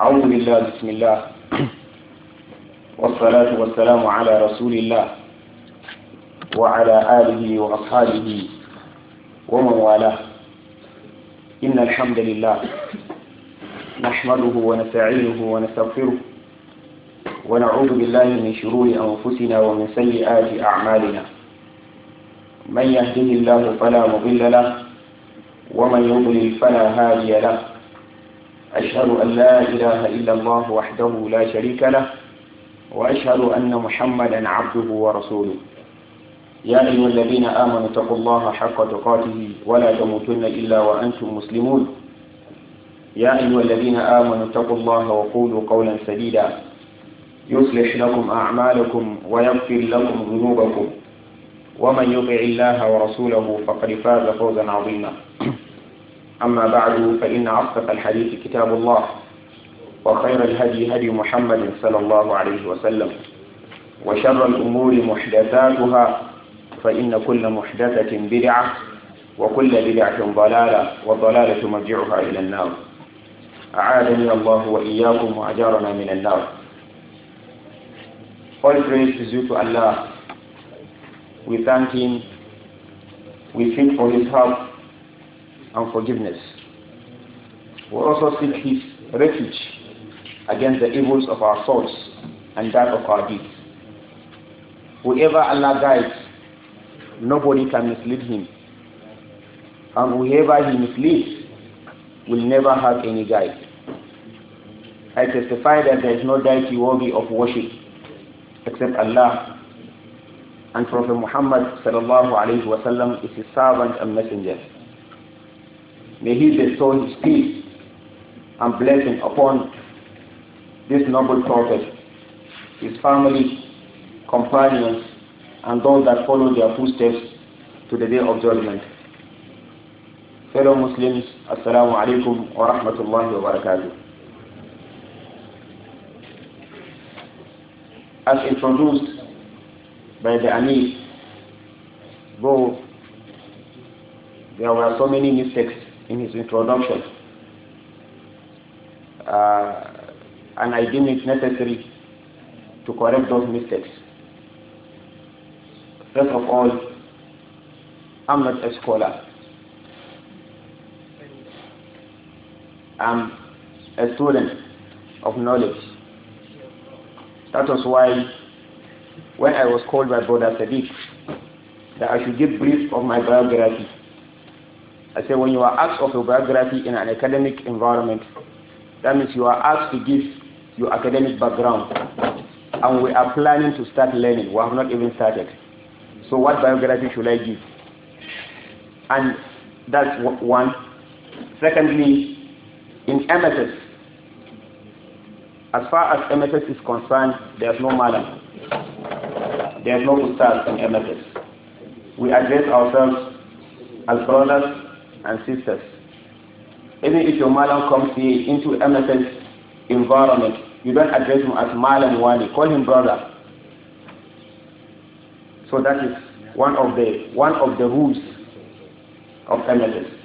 أعوذ بالله بسم الله والصلاة والسلام على رسول الله وعلى آله وأصحابه ومن والاه إن الحمد لله نحمده ونستعينه ونستغفره ونعوذ بالله من شرور أنفسنا ومن سيئات أعمالنا من يهده الله فلا مضل له ومن يضلل فلا هادي له أشهد أن لا إله إلا الله وحده لا شريك له وأشهد أن محمدا عبده ورسوله يا أيها الذين آمنوا اتقوا الله حق تقاته ولا تموتن إلا وأنتم مسلمون يا أيها الذين آمنوا اتقوا الله وقولوا قولا سديدا يصلح لكم أعمالكم ويغفر لكم ذنوبكم ومن يطع الله ورسوله فقد فاز فوزا عظيما أما بعد فإن أصدق الحديث كتاب الله وخير الهدي هدي محمد صلى الله عليه وسلم وشر الأمور محدثاتها فإن كل محدثة بدعة وكل بدعة ضلالة والضلالة مرجعها إلى النار أعادني الله وإياكم وأجارنا من النار All praise is due to Allah. We thank Him. We seek for His help and forgiveness. We also seek His refuge against the evils of our thoughts and that of our deeds. Whoever Allah guides, nobody can mislead him. And whoever he misleads will never have any guide. I testify that there is no deity worthy of worship except Allah. And Prophet Muhammad sallallahu alayhi wa sallam is his servant and messenger. May He bestow His peace and blessing upon this noble prophet, his family, companions, and those that follow their footsteps to the day of judgment. Fellow Muslims, Assalamu alaikum wa rahmatullahi wa barakatuh. As introduced by the Amir, though there were so many mistakes in his introduction. Uh, and I deem it necessary to correct those mistakes. First of all, I'm not a scholar. I'm a student of knowledge. That was why when I was called by Brother Sadiq that I should give brief of my biography I said when you are asked of your biography in an academic environment, that means you are asked to give your academic background. And we are planning to start learning. We have not even started. So what biography should I give? And that's one. Secondly, in MSS, as far as MSS is concerned, there's no madam. There's no start in MSS. We address ourselves as brothers and sisters. Even if your malam comes into MSS environment, you don't address him as malam You call him brother. So that is one of the one of the rules of MLS.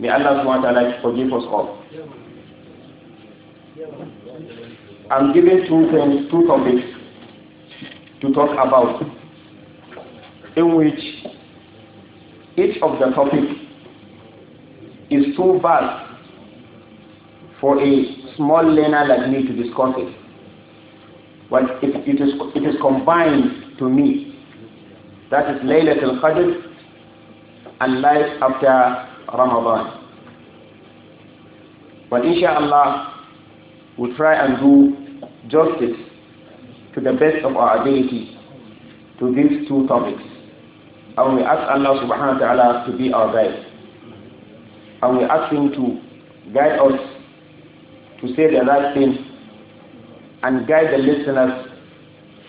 May Allah SWT forgive us all. I'm giving two things, two topics to talk about, in which each of the topics is too vast for a small learner like me to discuss it. But it, it, is, it is combined to me. That is Laylatul Qadr and life after Ramadan. But inshallah, we'll try and do justice to the best of our ability to these two topics. And we ask Allah subhanahu wa ta'ala to be our guide and we ask Him to guide us to say the right thing and guide the listeners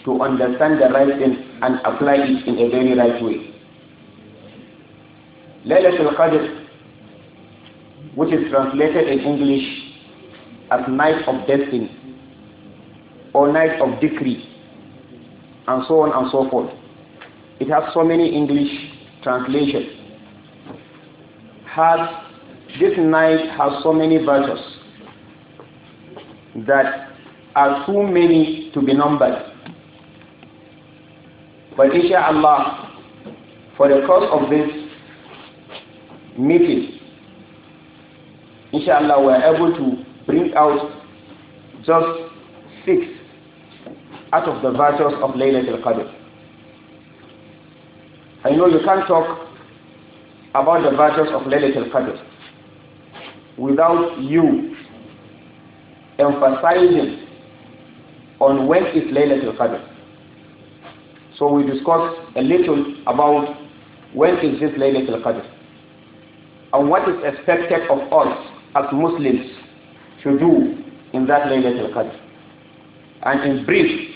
to understand the right thing and apply it in a very right way. Laylatul Qadr, which is translated in English as Night of Destiny or Night of Decree, and so on and so forth. It has so many English translations. Has this night has so many virtues that are too many to be numbered. But inshallah, for the cause of this meeting, inshallah, we are able to bring out just six out of the virtues of Laylatul Qadr. I know you can't talk about the virtues of Laylatul Qadr without you emphasizing on when is Laylatul Qadr. So we discussed a little about when is this Laylatul Qadr and what is expected of us as Muslims to do in that Laylatul Qadr. And in brief,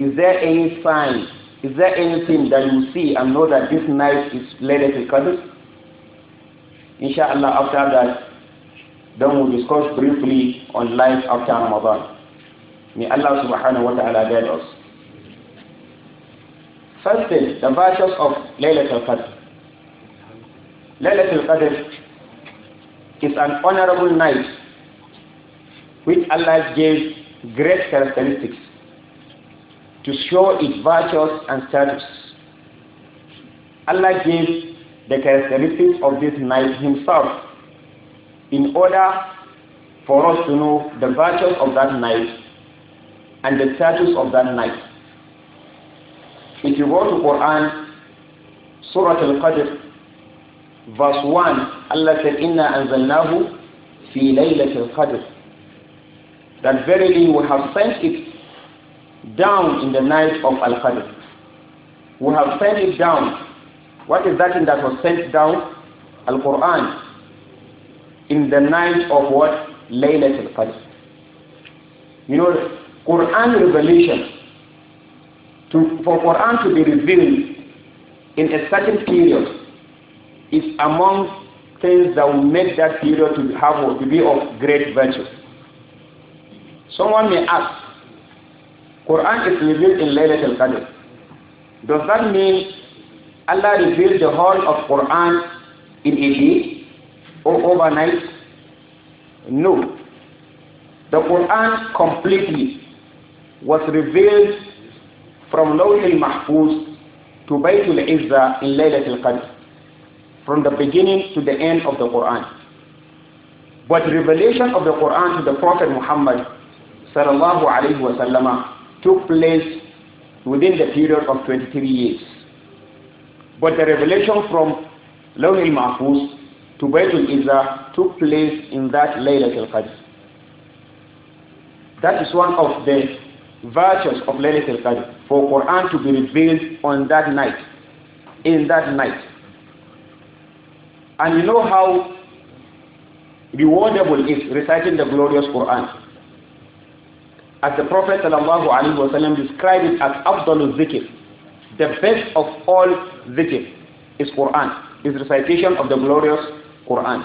is there any sign, is there anything that you see and know that this night is Laylatul Qadr? Inshallah, after that, then we'll discuss briefly on life after Ramadan. May Allah subhanahu wa ta'ala guide us. First is the virtues of Laylatul Qadr. Laylatul Qadr is an honorable night which Allah gave great characteristics to show its virtues and status. Allah gave the characteristics of this night himself in order for us to know the virtues of that night and the status of that night. If you go to Quran, Surah Al-Qadr, verse 1, Allah said, Inna anzalnahu fi laylatil qadr. That verily we have sent it down in the night of Al-Qadr. We have sent it down. What is that thing that was sent down? Al-Quran in the night of what? Laylatul Qadr. You know, Quran revelation, to, for Quran to be revealed in a certain period is among things that will make that period to have to be of great virtue. Someone may ask, Quran is revealed in Laylatul Qadr. Does that mean Allah revealed the whole of Quran in a day? overnight? No. The Quran completely was revealed from Lawh al-Mahfuz to Baytul izza in al Qadr from the beginning to the end of the Quran. But revelation of the Quran to the Prophet Muhammad sallallahu alaihi wasallam took place within the period of 23 years. But the revelation from Lawh al-Mahfuz Tubaytul Idha took place in that Laylatul Qadr. That is one of the virtues of Laylatul Qadr for Quran to be revealed on that night, in that night. And you know how rewardable is reciting the glorious Quran. As the Prophet ﷺ described it as Abdul Zikr, the best of all zikr is Quran, is recitation of the glorious Quran.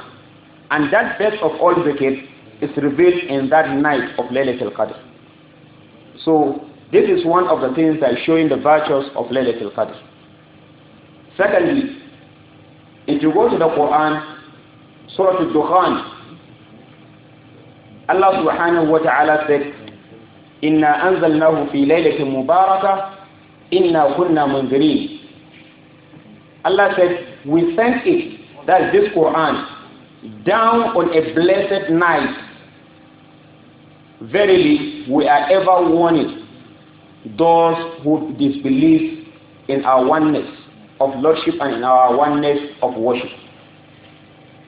And that best of all zikr is revealed in that night of Laylatul Qadr. So this is one of the things that is showing the virtues of Laylatul Qadr. Secondly, if you go to the Quran, Surah Al-Dukhan, Allah subhanahu wa ta'ala said, إِنَّا أَنزَلْنَاهُ fi لَيْلَةٍ Mubarakah, Inna kunna مُنذِرِينَ Allah said, we sent it that is this Quran, down on a blessed night. Verily, we are ever warning those who disbelieve in our oneness of lordship and in our oneness of worship.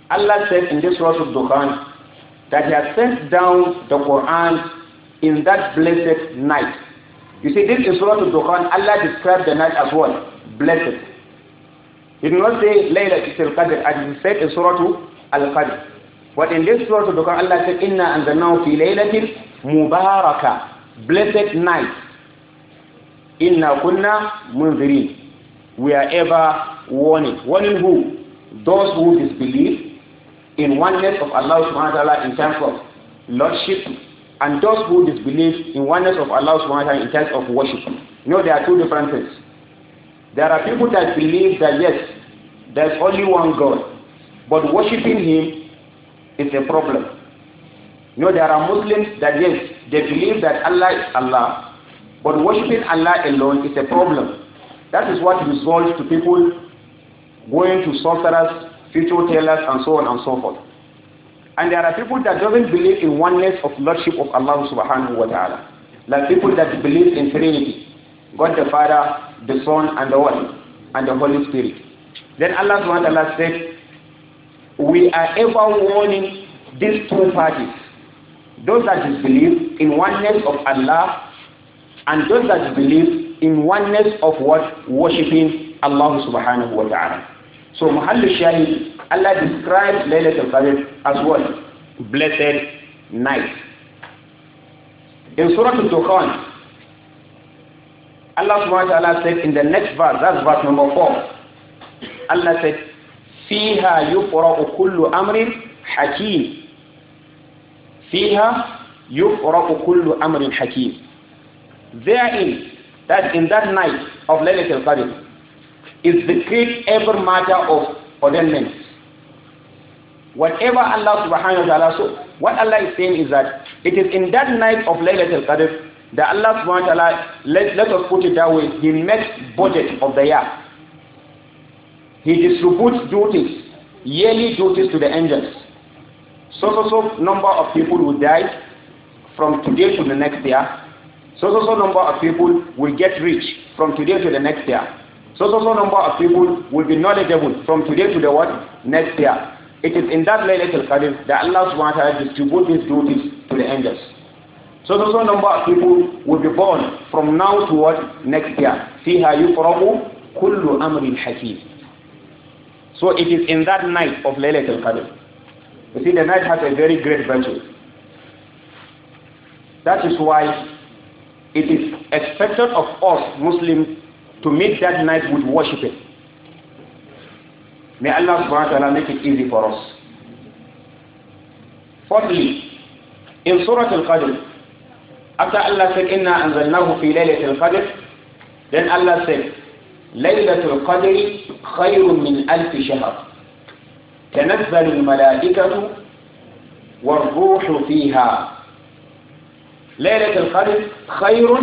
Allah said in this verse of Quran that He has sent down the Quran in that blessed night. You see, this is of the Quran. Allah described the night as what? Blessed. He did not say Laylatul Qadr as he said in Surah Al-Qadr. But in this suratu, al Allah said, Inna anzalnahu fi laylatil mubaraka, blessed night. Inna kunna munzirin. We are ever warning. Warning who? Those who disbelieve in oneness of Allah subhanahu wa ta'ala in terms of lordship and those who disbelieve in oneness of Allah subhanahu wa ta'ala in terms of worship. You know, there are two differences. There are people that believe that yes, there's only one God, but worshipping Him is a problem. You know, there are Muslims that yes, they believe that Allah is Allah, but worshipping Allah alone is a problem. That is what results to people going to sorcerers, future tellers, and so on and so forth. And there are people that doesn't believe in oneness of lordship of Allah subhanahu wa ta'ala. Like people that believe in Trinity. God the Father, the Son, and the what? And the Holy Spirit. Then Allah subhanahu said, We are ever warning these two parties, those that believe in oneness of Allah and those that believe in oneness of what? Worshipping Allah subhanahu wa ta'ala. So Muhammad Shahid, Allah described Laylatul qadr as what? Blessed night. In Surah Al-Dukhan, Allah subhanahu wa ta'ala said in the next verse, that's verse number four. Allah said, فِيهَا يُفْرَأُ كُلُّ أَمْرٍ حَكِيمٍ فِيهَا يُفْرَأُ كُلُّ أَمْرٍ حَكِيمٍ Therein, that in that night of Laylatul Qadr, is decreed every matter of ordinance. Whatever Allah subhanahu wa ta'ala so, what Allah is saying is that it is in that night of Laylatul Qadr the Allah subhanahu wa ta'ala, let, let us put it that way, He makes budget of the year. He distributes duties, yearly duties to the angels. So, so, so number of people will die from today to the next year. So, so, so number of people will get rich from today to the next year. So, so, so number of people will be knowledgeable from today to the what? Next year. It is in that little Qadr that Allah subhanahu wa ta'ala distributes his duties to the angels. So those are number of people will be born from now to what? Next year. فِيهَا يُفْرَقُ كُلُّ أَمْرٍ حَكِيمٍ So it is in that night of Laylat al-Qadr. You see, the night has a very great virtue. That is why it is expected of us Muslims to meet that night with worshiping. May Allah subhanahu wa ta'ala make it easy for us. Fourthly, in Surah Al-Qadr, After Allah said, Inna anzalnahu fi laylatul qadr, then Allah said, Laylatul qadr خير من ألف شهر تنزل الملائكة والروح فيها ليلة القدر خير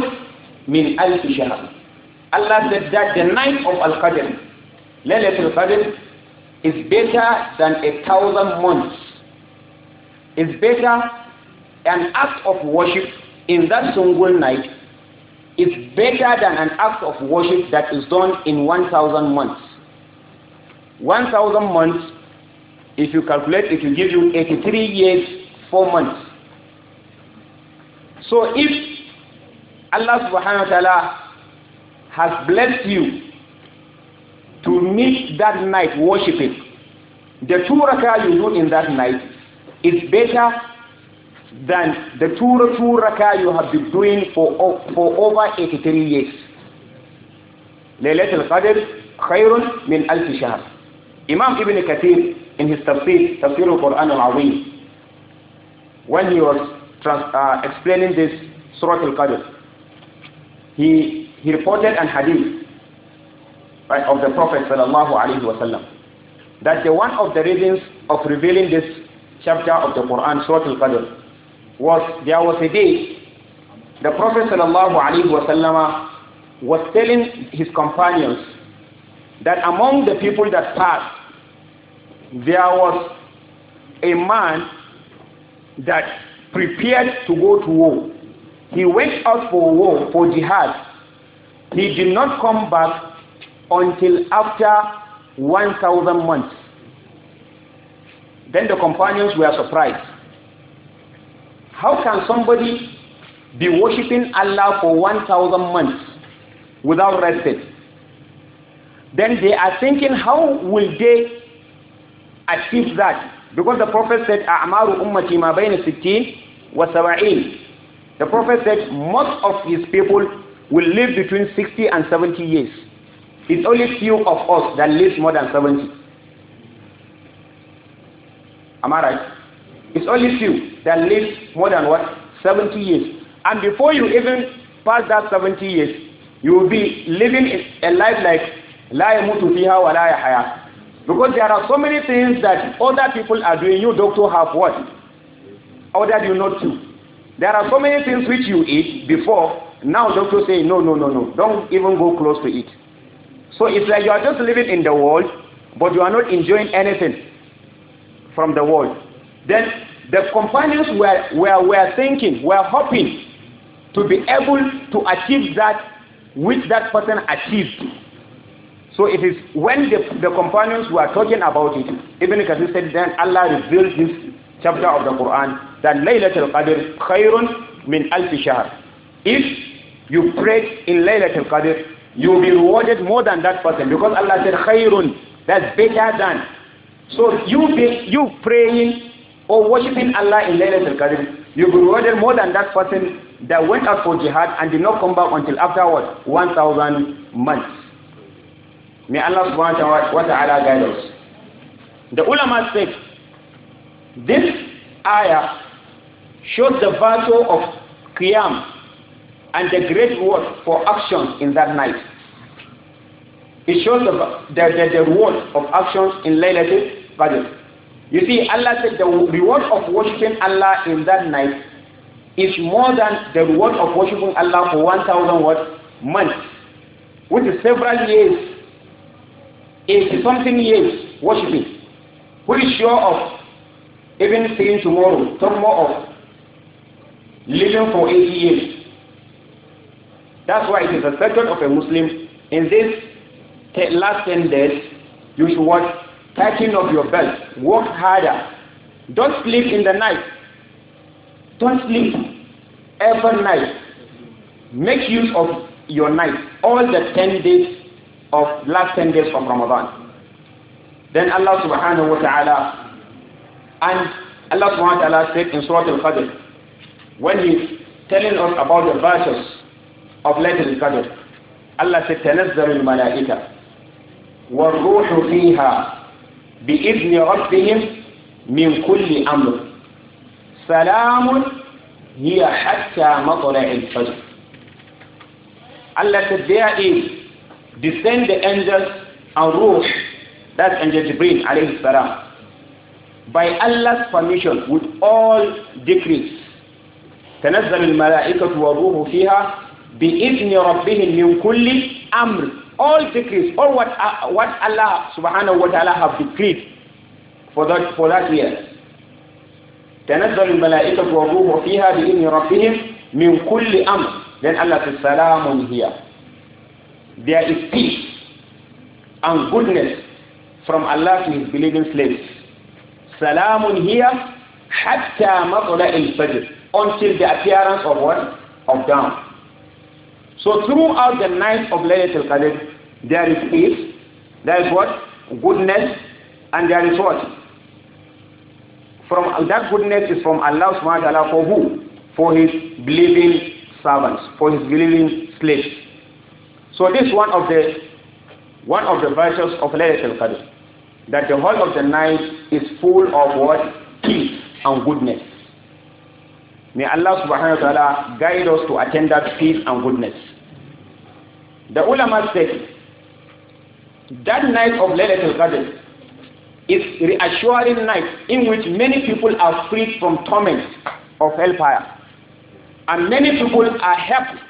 من ألف شهر Allah said that the night of Al-Qadr Laylatul Qadr is better than a thousand months is better an act of worship in that single night is better than an act of worship that is done in 1,000 months. 1,000 months, if you calculate, it will give you 83 years, 4 months. So if Allah subhanahu wa ta'ala has blessed you to meet that night worshiping, the two rakah you do in that night is better than the two, two rakah you have been doing for, for over 83 years. Laylatul Qadr khayrun min alf shahr. Imam Ibn Kathir in his tafsir, tafsir al-Quran al-Azim, when he was trans, uh, explaining this Surah al-Qadr, he, he reported an hadith right, of the Prophet sallallahu alaihi wasallam that the one of the reasons of revealing this chapter of the Quran, Surah al-Qadr, was there was a day the Prophet wasallam was telling his companions that among the people that passed, there was a man that prepared to go to war. He went out for war, for jihad. He did not come back until after 1,000 months. Then the companions were surprised. How can somebody be worshipping Allah for 1,000 months without rest? Then they are thinking, how will they achieve that? Because the Prophet said, A'maru ummati ma bayna wa sab'in. The Prophet said, most of his people will live between 60 and 70 years. It's only few of us that live more than 70. Am I right? It's only few that live more than what? 70 years. And before you even pass that 70 years, you will be living a life like la yamutu fiha wa la Because there are so many things that other people are doing, you doctor have what? Ordered you not to. There are so many things which you eat before, now doctor say no, no, no, no, don't even go close to it. So it's like you are just living in the world, but you are not enjoying anything from the world. Then the companions were, were, were thinking, were hoping to be able to achieve that which that person achieved. So it is when the, the companions were talking about it, Ibn Kathir said then Allah revealed this chapter of the Quran that Laylatul Qadr Khayrun min al shahr. If you pray in Laylatul Qadr, you will be rewarded more than that person because Allah said Khayrun, that's better than. So you, be, you praying or worshipping Allah in Laylatul Qadr, you'll be rewarded more than that person that went out for jihad and did not come back until afterwards 1,000 months. May Allah subhanahu wa ta'ala guide us. The ulama said, this ayah shows the virtue of Qiyam and the great reward for actions in that night. It shows the, the, the, the reward of actions in Laylatul Qadr. You see, Allah said the reward of worshiping Allah in that night is more than the reward of worshiping Allah for 1,000 what? Months. Which is several years. 80 something years worshiping. Who is sure of even seeing tomorrow, some more of living for 80 years. That's why it is a expected of a Muslim in this last 10 days, you should watch Tighten up your belt. Work harder. Don't sleep in the night. Don't sleep every night. Make use of your night. All the 10 days of last 10 days of Ramadan. Then Allah subhanahu wa ta'ala and Allah subhanahu wa ta'ala said in Surah Al-Qadr when he's telling us about the virtues of Al Qadr Allah said تنزل الملائكة والروح فيها بإذن ربهم من كل أمر سلام هي حتى مطلع الفجر Allah said there is, descend the angels and ruh that's angel Jibril alayhi salam by Allah's permission with all decrees تنزل الملائكة وروه فيها بإذن ربهم من كل أمر all decrees, all what, uh, what Allah subhanahu wa ta'ala have decreed for that, for that year. تنزل الملائكة والروح فيها بإذن ربهم من كل أمر then Allah says salamun here there is peace and goodness from Allah to his believing slaves salamun here hatta matla al until the appearance of what of dawn so throughout the night of Laylatul Qadr there is peace, there is what? Goodness, and there is what? From that goodness is from Allah subhanahu wa ta'ala for who? For his believing servants, for his believing slaves. So this one of the one of the verses of Laylatul Qadr that the whole of the night is full of what peace and goodness. May Allah subhanahu wa ta'ala guide us to attend that peace and goodness. The ulama said that night of Laylatul Qadr is reassuring night in which many people are freed from torment of hellfire. And many people are helped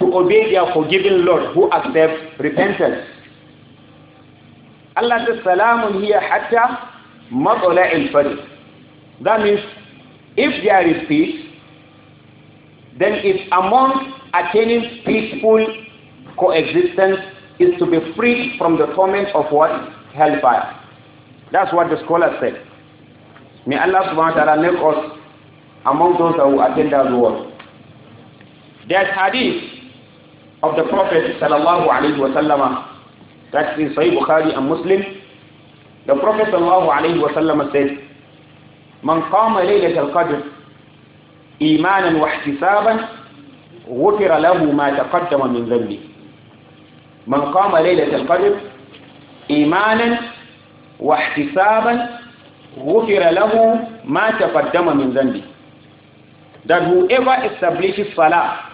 to obey their forgiving Lord who accepts repentance. Allah says, Salamun here hatta matala al That means if there is peace, then it's among attaining peaceful coexistence is to be free from the torment of what? Hellfire. That's what the scholar said. May Allah subhanahu wa ta'ala make us among those that will attend that reward. There's hadith of the Prophet sallallahu alaihi wasallam that's in Sahih Bukhari and Muslim. The Prophet sallallahu alaihi wasallam said, "Man qama laylat al-qadr imanan wa ihtisaban, ghufira lahu min من قام ليلة القدر إيمانا واحتسابا غفر له ما تقدم من ذنبه that whoever establishes salah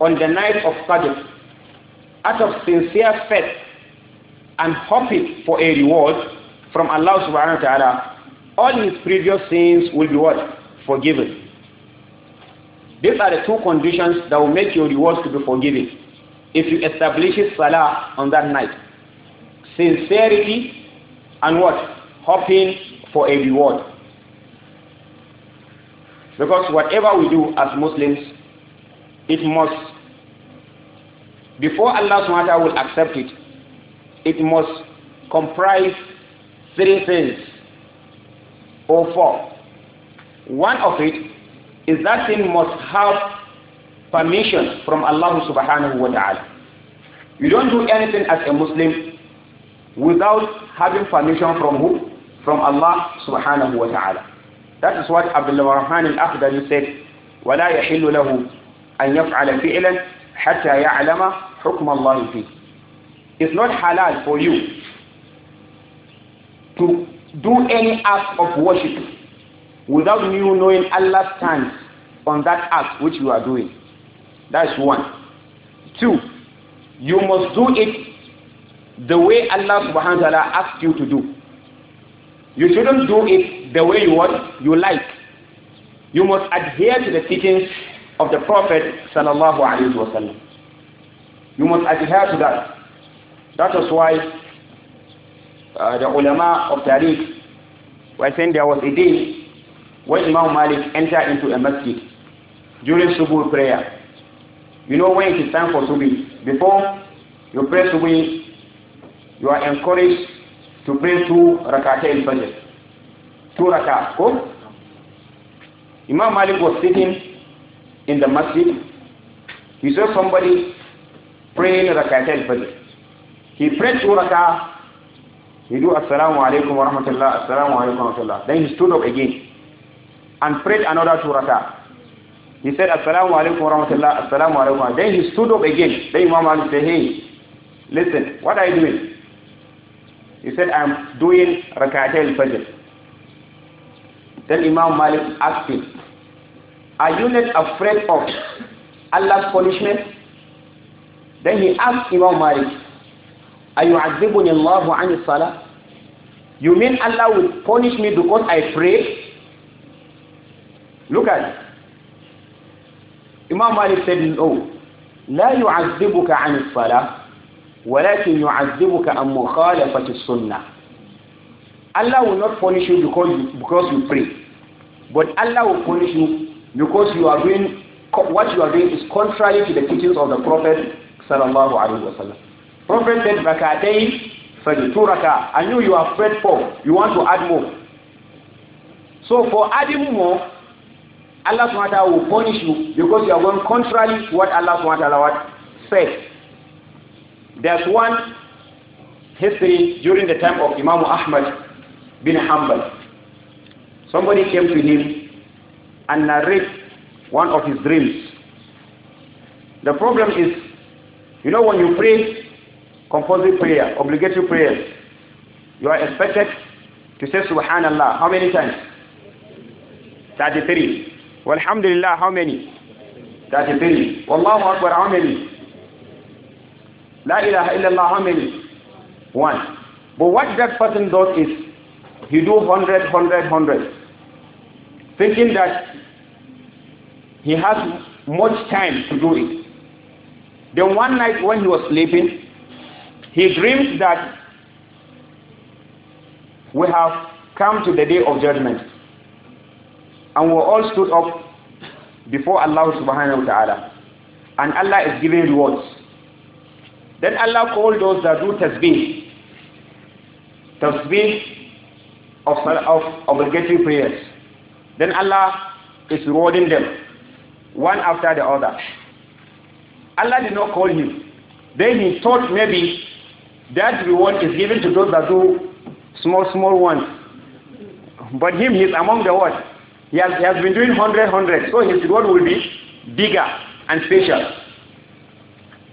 on the night of Qadr out of sincere faith and hoping for a reward from Allah subhanahu wa ta'ala all his previous sins will be what? forgiven these are the two conditions that will make your reward to be forgiven if you establish salah on that night. Sincerity and what? Hoping for a reward. Because whatever we do as Muslims, it must, before Allah SWT will accept it, it must comprise three things or four. One of it is that thing must have permission from Allah subhanahu wa ta'ala. You don't do anything as a Muslim without having permission from who? From Allah subhanahu wa ta'ala. That is what Abdullah Rahman al-Akhdari said, وَلَا يَحِلُّ لَهُ أَن يَفْعَلَ فِعْلًا حَتَّى يَعْلَمَ حُكْمَ اللَّهِ فِيهِ It's not halal for you to do any act of worship without you knowing Allah's stance on that act which you are doing. That's one. Two, you must do it the way Allah subhanahu wa ta'ala asked you to do. You shouldn't do it the way you want, you like. You must adhere to the teachings of the Prophet sallallahu alaihi wasallam. You must adhere to that. That is why uh, the ulama of Tariq were saying there was a day when Imam Malik entered into a masjid during Subuh prayer. You know when it is time for Subi. Before you pray Subi, you are encouraged to pray two rak'at in Fajr. Two rak'at. Go. Imam Malik was sitting in the masjid. He saw somebody praying rak'at in Fajr. He prayed two rak'at. He do assalamu alaikum wa rahmatullah, assalamu alaikum wa rahmatullah. Then he stood up again and prayed another two rak'at. He said, Assalamu alaikum wa rahmatullah, Assalamu alaikum. Then he stood up again. Then Imam Ali said, Hey, listen, what are you doing? He said, I'm doing Rakat al-Fajr. Then Imam Malik asked him, Are you not afraid of Allah's punishment? Then he asked Imam Malik, Are you azibun an salah? You mean Allah will punish me because I pray? Look at it. Imam Malik said, no, لا يعذبك عن الصلاة ولكن يعذبك عن مخالفة السنة. Allah will not punish you because you, because you pray. But Allah will punish you because you are doing what you are doing is contrary to the teachings of the Prophet sallallahu alaihi wasallam. Prophet said, "Rakatay, two raka." I know you are afraid for. You want to add more. So for adding more, Allah SWT will punish you because you are going contrary to what Allah SWT said. There's one history during the time of Imam Ahmad bin Hanbal. Somebody came to him and narrated one of his dreams. The problem is, you know, when you pray compulsory prayer, obligatory prayer, you are expected to say Subhanallah how many times? 33. Walhamdulillah, how many? 33. والله Akbar, how many? La ilaha illallah, how many? One. But what that person does is, he do 100, 100, 100. Thinking that he has much time to do it. Then one night when he was sleeping, he dreamed that we have come to the day of judgment and we all stood up before Allah subhanahu wa ta'ala. And Allah is giving rewards. Then Allah called those that do tasbih. Tasbih of, of obligatory prayers. Then Allah is rewarding them one after the other. Allah did not call him. Then he thought maybe that reward is given to those that do small, small ones. But him, he's among the what? He has, he has been doing 100, 100. So his reward will be bigger and special.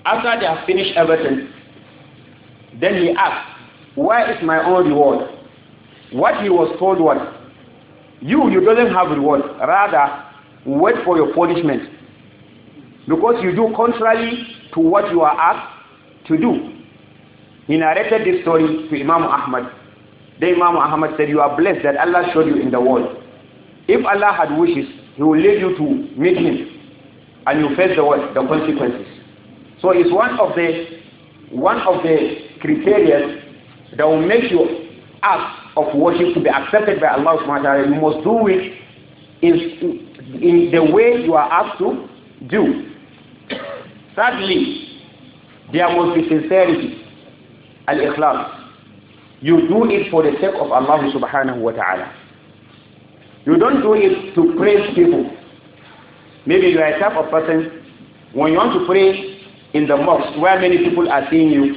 After they have finished everything, then he asked, where is my own reward? What he was told was, you, you do not have reward. Rather, wait for your punishment. Because you do contrary to what you are asked to do. He narrated this story to Imam Ahmad. Then Imam Ahmad said, you are blessed that Allah showed you in the world. If Allah had wishes, He will lead you to meet Him, and you face the what the consequences. So it's one of the one of the criteria that will make your act of worship to be accepted by Allah subhanahu You must do it in, in the way you are asked to do. Thirdly, there must be sincerity, al-ikhlas. You do it for the sake of Allah subhanahu wa ta'ala. You don't do it to praise people. Maybe you are a type of person, when you want to pray in the mosque where many people are seeing you,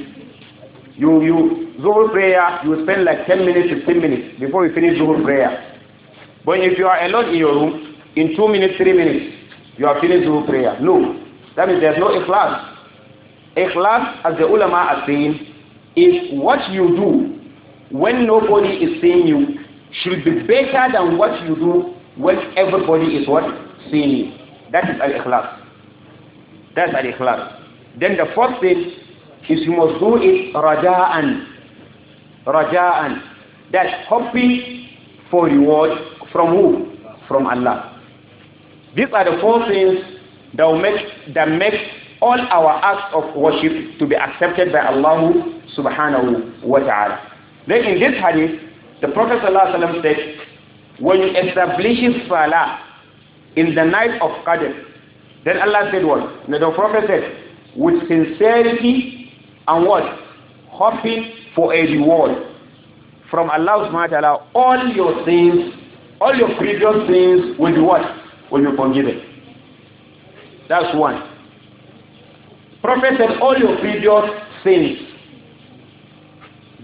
you, you Zuhur prayer, you spend like 10 minutes, 15 minutes before you finish Zuhur prayer. But if you are alone in your room, in 2 minutes, 3 minutes, you are finished Zuhur prayer. No. That means there's no ikhlas. Ikhlas, as the ulama are saying, is what you do when nobody is seeing you should be better than what you do when everybody is what? Seeing you. That is al-ikhlas. That's al-ikhlas. Then the fourth thing is you must do it raja'an. Raja'an. That's hoping for reward from who? From Allah. These are the four things that will make that make all our acts of worship to be accepted by Allah subhanahu wa ta'ala. Then in this hadith, the Prophet ﷺ said, when you establish Salah in the night of Qadr, then Allah said what? Now the Prophet said, with sincerity and what? Hoping for a reward from Allah subhanahu wa all your sins, all your previous sins will be what? Will be forgiven. That's one. Prophet said all your previous sins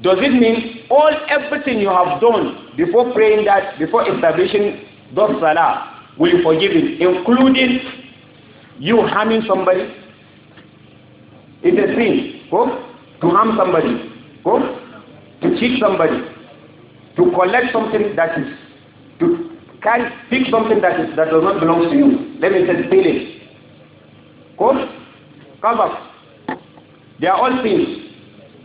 Does it mean all everything you have done before praying that, before establishing those salah, will be forgiven, including you harming somebody? It's a sin, go, to harm somebody, go, to cheat somebody, to collect something that is, to carry, pick something that is that does not belong to you. Let me say, steal it. Go, come back. They are all sins.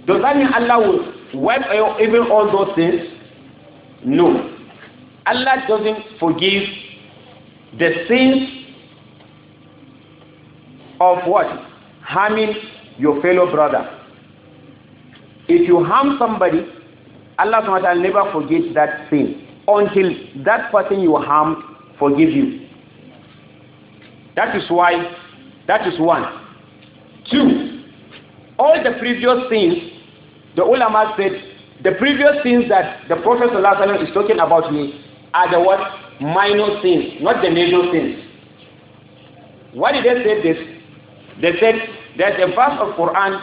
Does that mean Allah will Wipe uh, even all those things? No. Allah doesn't forgive the sins of what? Harming your fellow brother. If you harm somebody, Allah SWT never forgets that sin until that person you harm forgives you. That is why, that is one. Two, all the previous sins The ulama said the previous things that the Prophet ﷺ is talking about me are the what minor things, not the major things. Why did they say this? They said there's a verse of Quran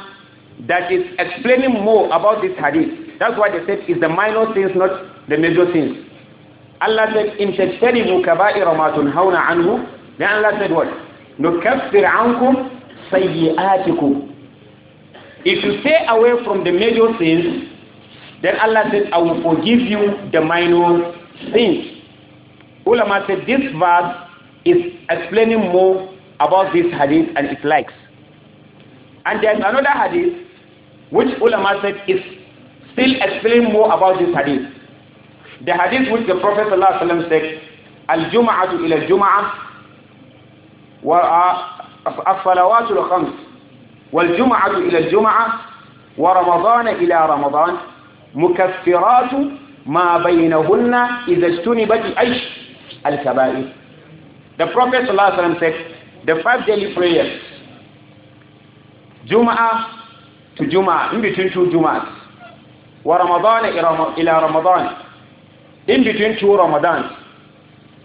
that is explaining more about this hadith. That's why they said it's the minor things, not the major things. Allah said, in تَجْتَنِبُوا كَبَائِرَ مَا تُنْهَوْنَ عَنْهُ Then Allah said what? نُكَفِّرْ عَنْكُمْ سَيِّئَاتِكُمْ If you stay away from the major sins, then Allah said, I will forgive you the minor sins. Ulama said this verse is explaining more about this hadith and its likes. And there's another hadith which ulama said is still explaining more about this hadith. The hadith which the Prophet ﷺ said, al Juma'atu ila Juma'ah wa al salawatu al-khams والجمعة إلى الجمعة ورمضان إلى رمضان مكفرات ما بينهن إذا اجتنبت أي الكبائر The Prophet صلى الله عليه وسلم said The five daily prayers جمعة to جمعة in between two جمعة ورمضان إلى رمضان in between two رمضان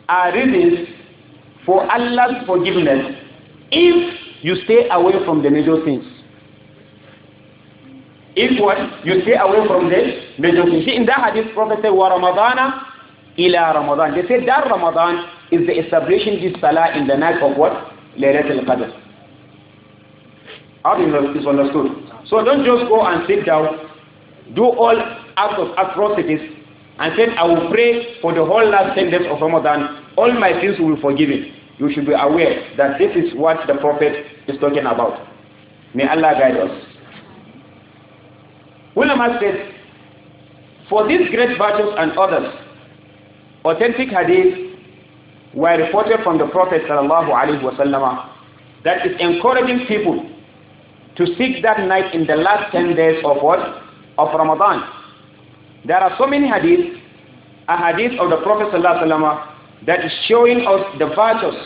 are reasons for Allah's forgiveness if you stay away from the major things. If what? You stay away from the major things. See, in that hadith, Prophet said, wa Ramadana ila Ramadan. They said that Ramadan is the establishing this salah in the night of what? al Qadr. How is understood? So don't just go and sit down, do all acts of atrocities, and say I will pray for the whole last 10 days of Ramadan. All my sins will be forgiven you should be aware that this is what the Prophet is talking about. May Allah guide us. Ulama said, For these great virtues and others, authentic hadith were reported from the Prophet wasallam that is encouraging people to seek that night in the last 10 days of what? Of Ramadan. There are so many hadiths, a hadith of the Prophet sallallahu alaihi wasallam that is showing us the virtues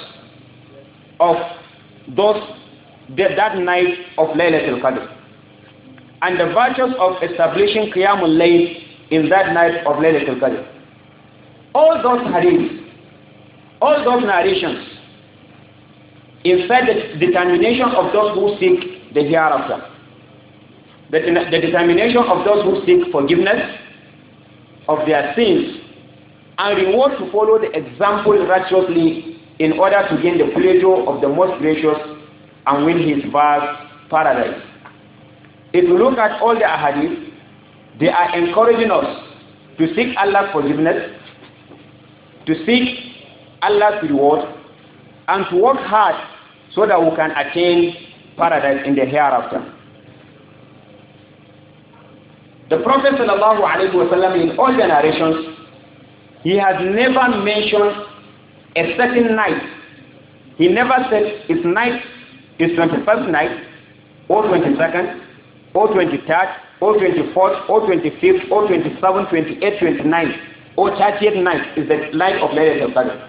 of those that night of Laylatul Qadr and the virtues of establishing Qiyamul Layl in that night of Laylatul Qadr. All those hadiths, all those narrations, in fact, the determination of those who seek the hereafter, the, the determination of those who seek forgiveness of their sins and reward to follow the example righteously in order to gain the pleasure of the most gracious and win his vast paradise. If you look at all the ahadith, they are encouraging us to seek Allah's forgiveness, to seek Allah's reward, and to work hard so that we can attain paradise in the hereafter. The Prophet ﷺ in all generations. He has never mentioned a certain night. He never said it's night is 21st night, or 22nd, or 23rd, or 24th, or 25th, or 27th, 28th, 29th, or 30th night is the night of Laylatul Qadr.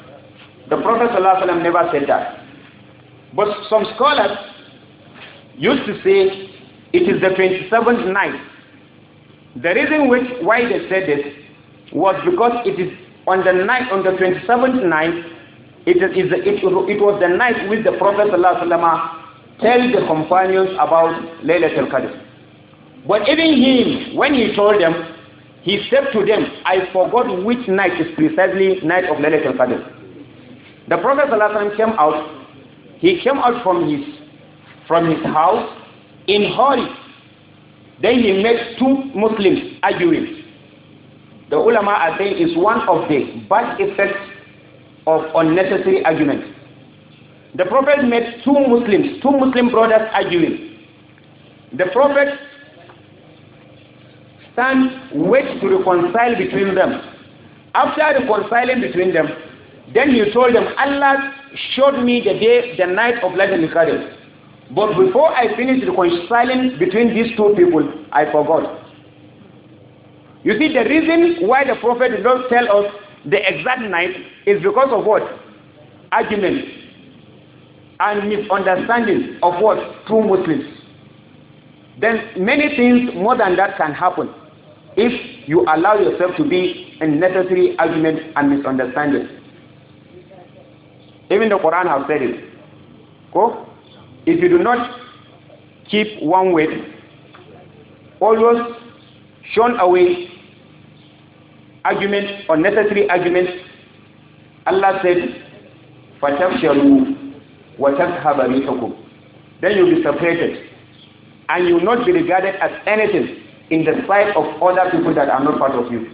The Prophet ﷺ never said that. But some scholars used to say it is the 27th night. The reason which, why they said this was because it is on the night on the 27th night it, is, it, it, was the night with the prophet ﷺ tell the companions about Laylatul Qadr but even him when he told them he said to them i forgot which night is precisely night of Laylatul Qadr the prophet ﷺ came out he came out from his from his house in hurry then he met two muslims arguing the ulama are saying is one of the bad effects of unnecessary argument. The Prophet met two Muslims, two Muslim brothers arguing. The Prophet stands, waits to reconcile between them. After reconciling between them, then he told them, Allah showed me the day, the night of Laylatul Qadr. But before I finished reconciling between these two people, I forgot. You see, the reason why the prophet did not tell us the exact night is because of what? Argument and misunderstanding of what? True Muslims. Then many things more than that can happen if you allow yourself to be in necessary argument and misunderstanding. Even the Quran has said it. Go. If you do not keep one way, always shun away argument, unnecessary argument, Allah said, a وَتَذْهَبَ رِيحُكُمْ Then you'll be separated and you'll not be regarded as anything in the sight of other people that are not part of you.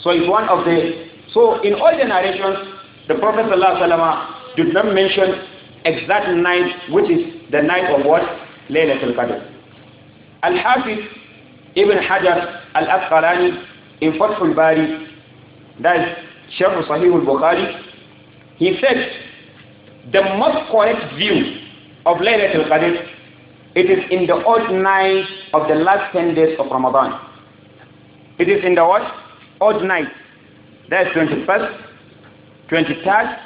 So it's one of the, so in all the narrations, the Prophet ﷺ did not mention exact night, which is the night of what? Laylatul Qadr. Al-Hafiz Ibn Hajar Al-Asqalani in Fathul Bari, that Sheikh Sahih al-Bukhari, he said, the most correct view of Laylatul Qadr, it is in the odd night of the last 10 days of Ramadan. It is in the what? Odd night. That is 21st, 23rd,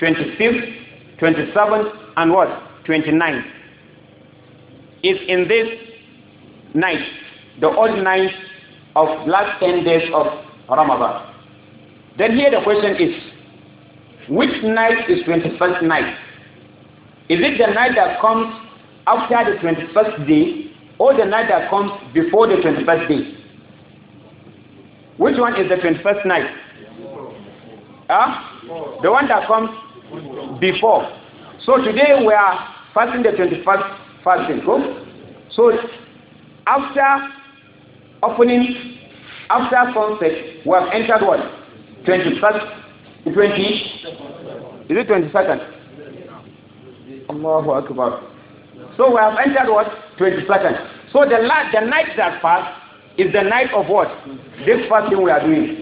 25th, 27th, and what? 29th. Is in this night, the odd night of last 10 days of Ramadan. Then here the question is, which night is 21st night? Is it the night that comes after the 21st day or the night that comes before the 21st day? Which one is the 21st night? Huh? The one that comes before. So today we are fasting the 21st fasting. Cool? So after opening after sunset, we have entered what? 21st? 20? Is it 22nd? Allahu Akbar. So we have entered what? 22nd. So the, last, the night that passed is the night of what? This thing we are doing.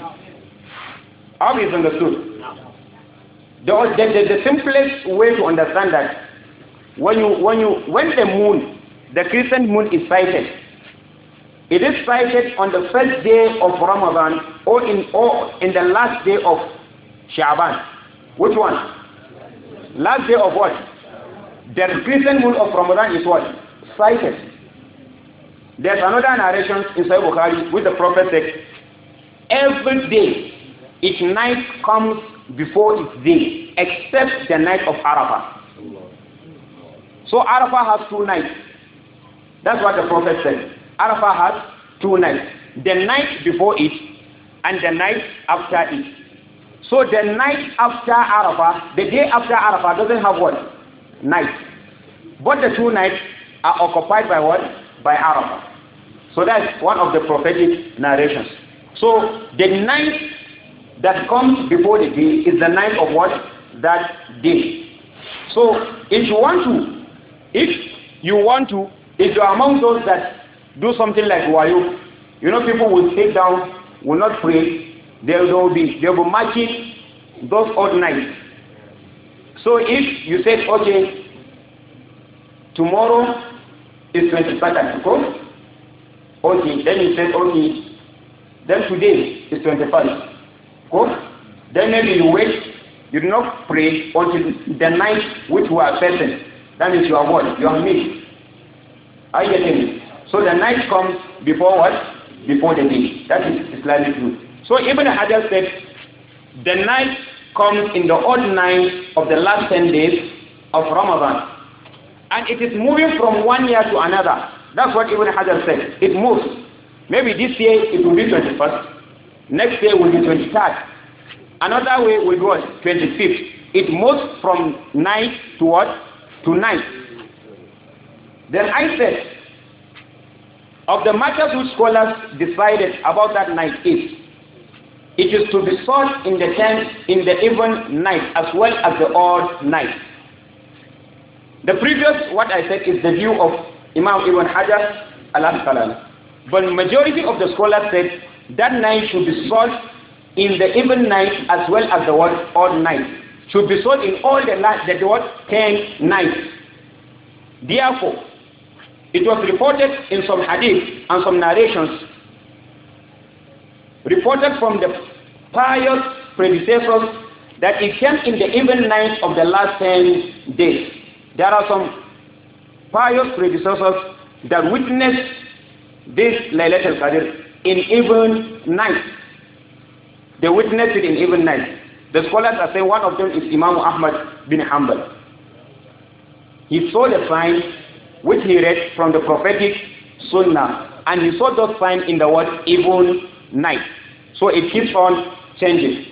How is understood? The, the, the, the simplest way to understand that when you when you when the moon, the crescent moon is sighted, It is cited on the first day of Ramadan or in, or in the last day of Shaban. Which one? Last day of what? The crescent moon of Ramadan is what? Cited. There's another narration in Sahih Bukhari with the Prophet said, Every day, its night comes before its day, except the night of Arafah. So Arafah has two nights. That's what the Prophet said. Arafah has two nights. The night before it and the night after it. So the night after Arafah, the day after Arafah doesn't have what? Night. But the two nights are occupied by what? By Arafah. So that's one of the prophetic narrations. So the night that comes before the day is the night of what? That day. So if you want to, if you want to, if you are among those that do something like wayo. You know, people will sit down, will not pray. They will be they will be marching those odd nights. So if you say, okay, tomorrow is 22nd, okay? Okay, then you say, okay, then today is twenty first, okay? Then maybe you wait, you do not pray until the night which you are certain. That is your word, your You are missed. you getting it? So the night comes before what? Before the day. That is slightly true. So Ibn Hajar said, the night comes in the odd night of the last 10 days of Ramadan. And it is moving from one year to another. That's what Ibn Hajar said. It moves. Maybe this year it will be 21st. Next year will be 23rd. Another way will be what? 25th. It moves from night to what? To night. Then I said, of the matters which scholars decided about that night is, it is to be sought in the tenth, in the even night as well as the odd night. The previous, what I said, is the view of Imam Ibn Hajar al-Asqalani. But majority of the scholars said that night should be sought in the even night as well as the what, odd night. Should be sought in all the, the what, ten nights. Therefore, It was reported in some hadith and some narrations reported from the pious predecessors that it came in the even night of the last ten days. There are some pious predecessors that witnessed this Laylat al-Qadr in even night. They witnessed it in even night. The scholars are saying one of them is Imam Ahmad bin Hanbal. He saw the sign which he read from the prophetic sunnah and he saw those signs in the word even night. So it keeps on changing.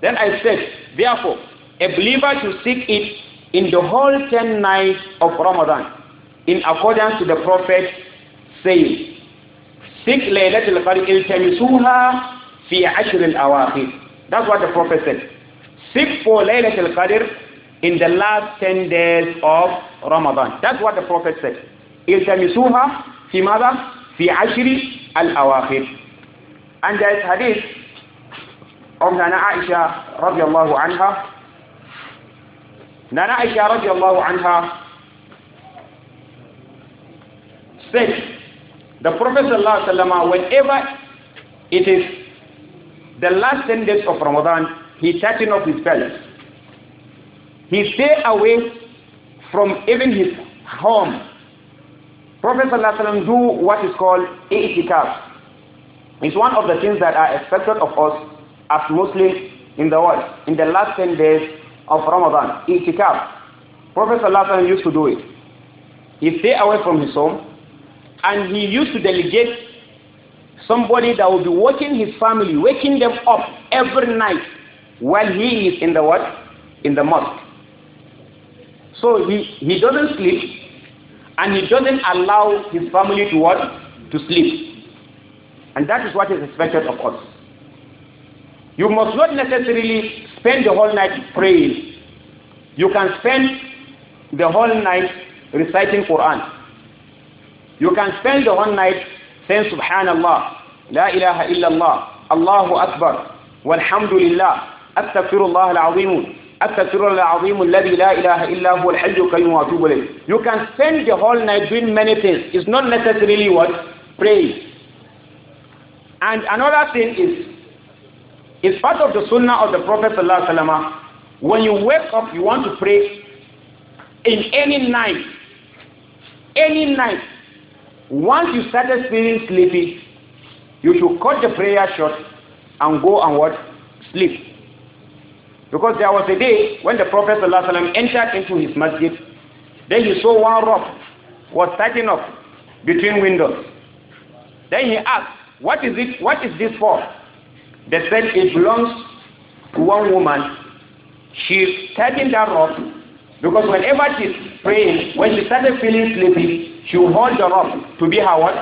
Then I said, therefore, a believer should seek it in the whole ten nights of Ramadan, in accordance to the Prophet saying, Seek Laylatul Qadr iltamisuha fi ashr al-awakhir. That's what the Prophet said. Seek for Laylatul Qadr in the last 10 days of Ramadan. That's what the Prophet said. التمسوها في ماذا؟ في عشر الأواخر. And there is hadith of Nana Aisha رضي الله عنها. Nana Aisha رضي الله عنها said, the Prophet ﷺ, whenever it is the last 10 days of Ramadan, he tightened up his belts. He stay away from even his home. Prophet ﷺ do what is called i'tikaf. It's one of the things that are expected of us as Muslims in the world in the last 10 days of Ramadan. I'tikaf. Prophet ﷺ used to do it. He stay away from his home and he used to delegate somebody that would be watching his family, waking them up every night while he is in the what? In the mosque. So he, he doesn't sleep and he doesn't allow his family to what? To sleep. And that is what is expected of us. You must not necessarily spend the whole night praying. You can spend the whole night reciting Quran. You can spend the whole night saying Subhanallah, La ilaha illallah, Allahu Akbar, walhamdulillah, astaghfirullah al-azim, Astaghfirullah al-Azim alladhi la ilaha illa huwa al-hayyul qayyum You can spend the whole night doing many things. It's not necessarily what? Pray. And another thing is, it's part of the sunnah of the Prophet sallallahu When you wake up, you want to pray in any night. Any night. Once you start feeling sleepy, you should cut the prayer short and go and what? Sleep. Because there was a day when the Prophet ﷺ entered into his masjid, then he saw one rock was tightened up between windows. Then he asked, What is it? What is this for? They said it belongs to one woman. She tightened that rope because whenever she's praying, when she started feeling sleepy, she would hold the rope to be her what?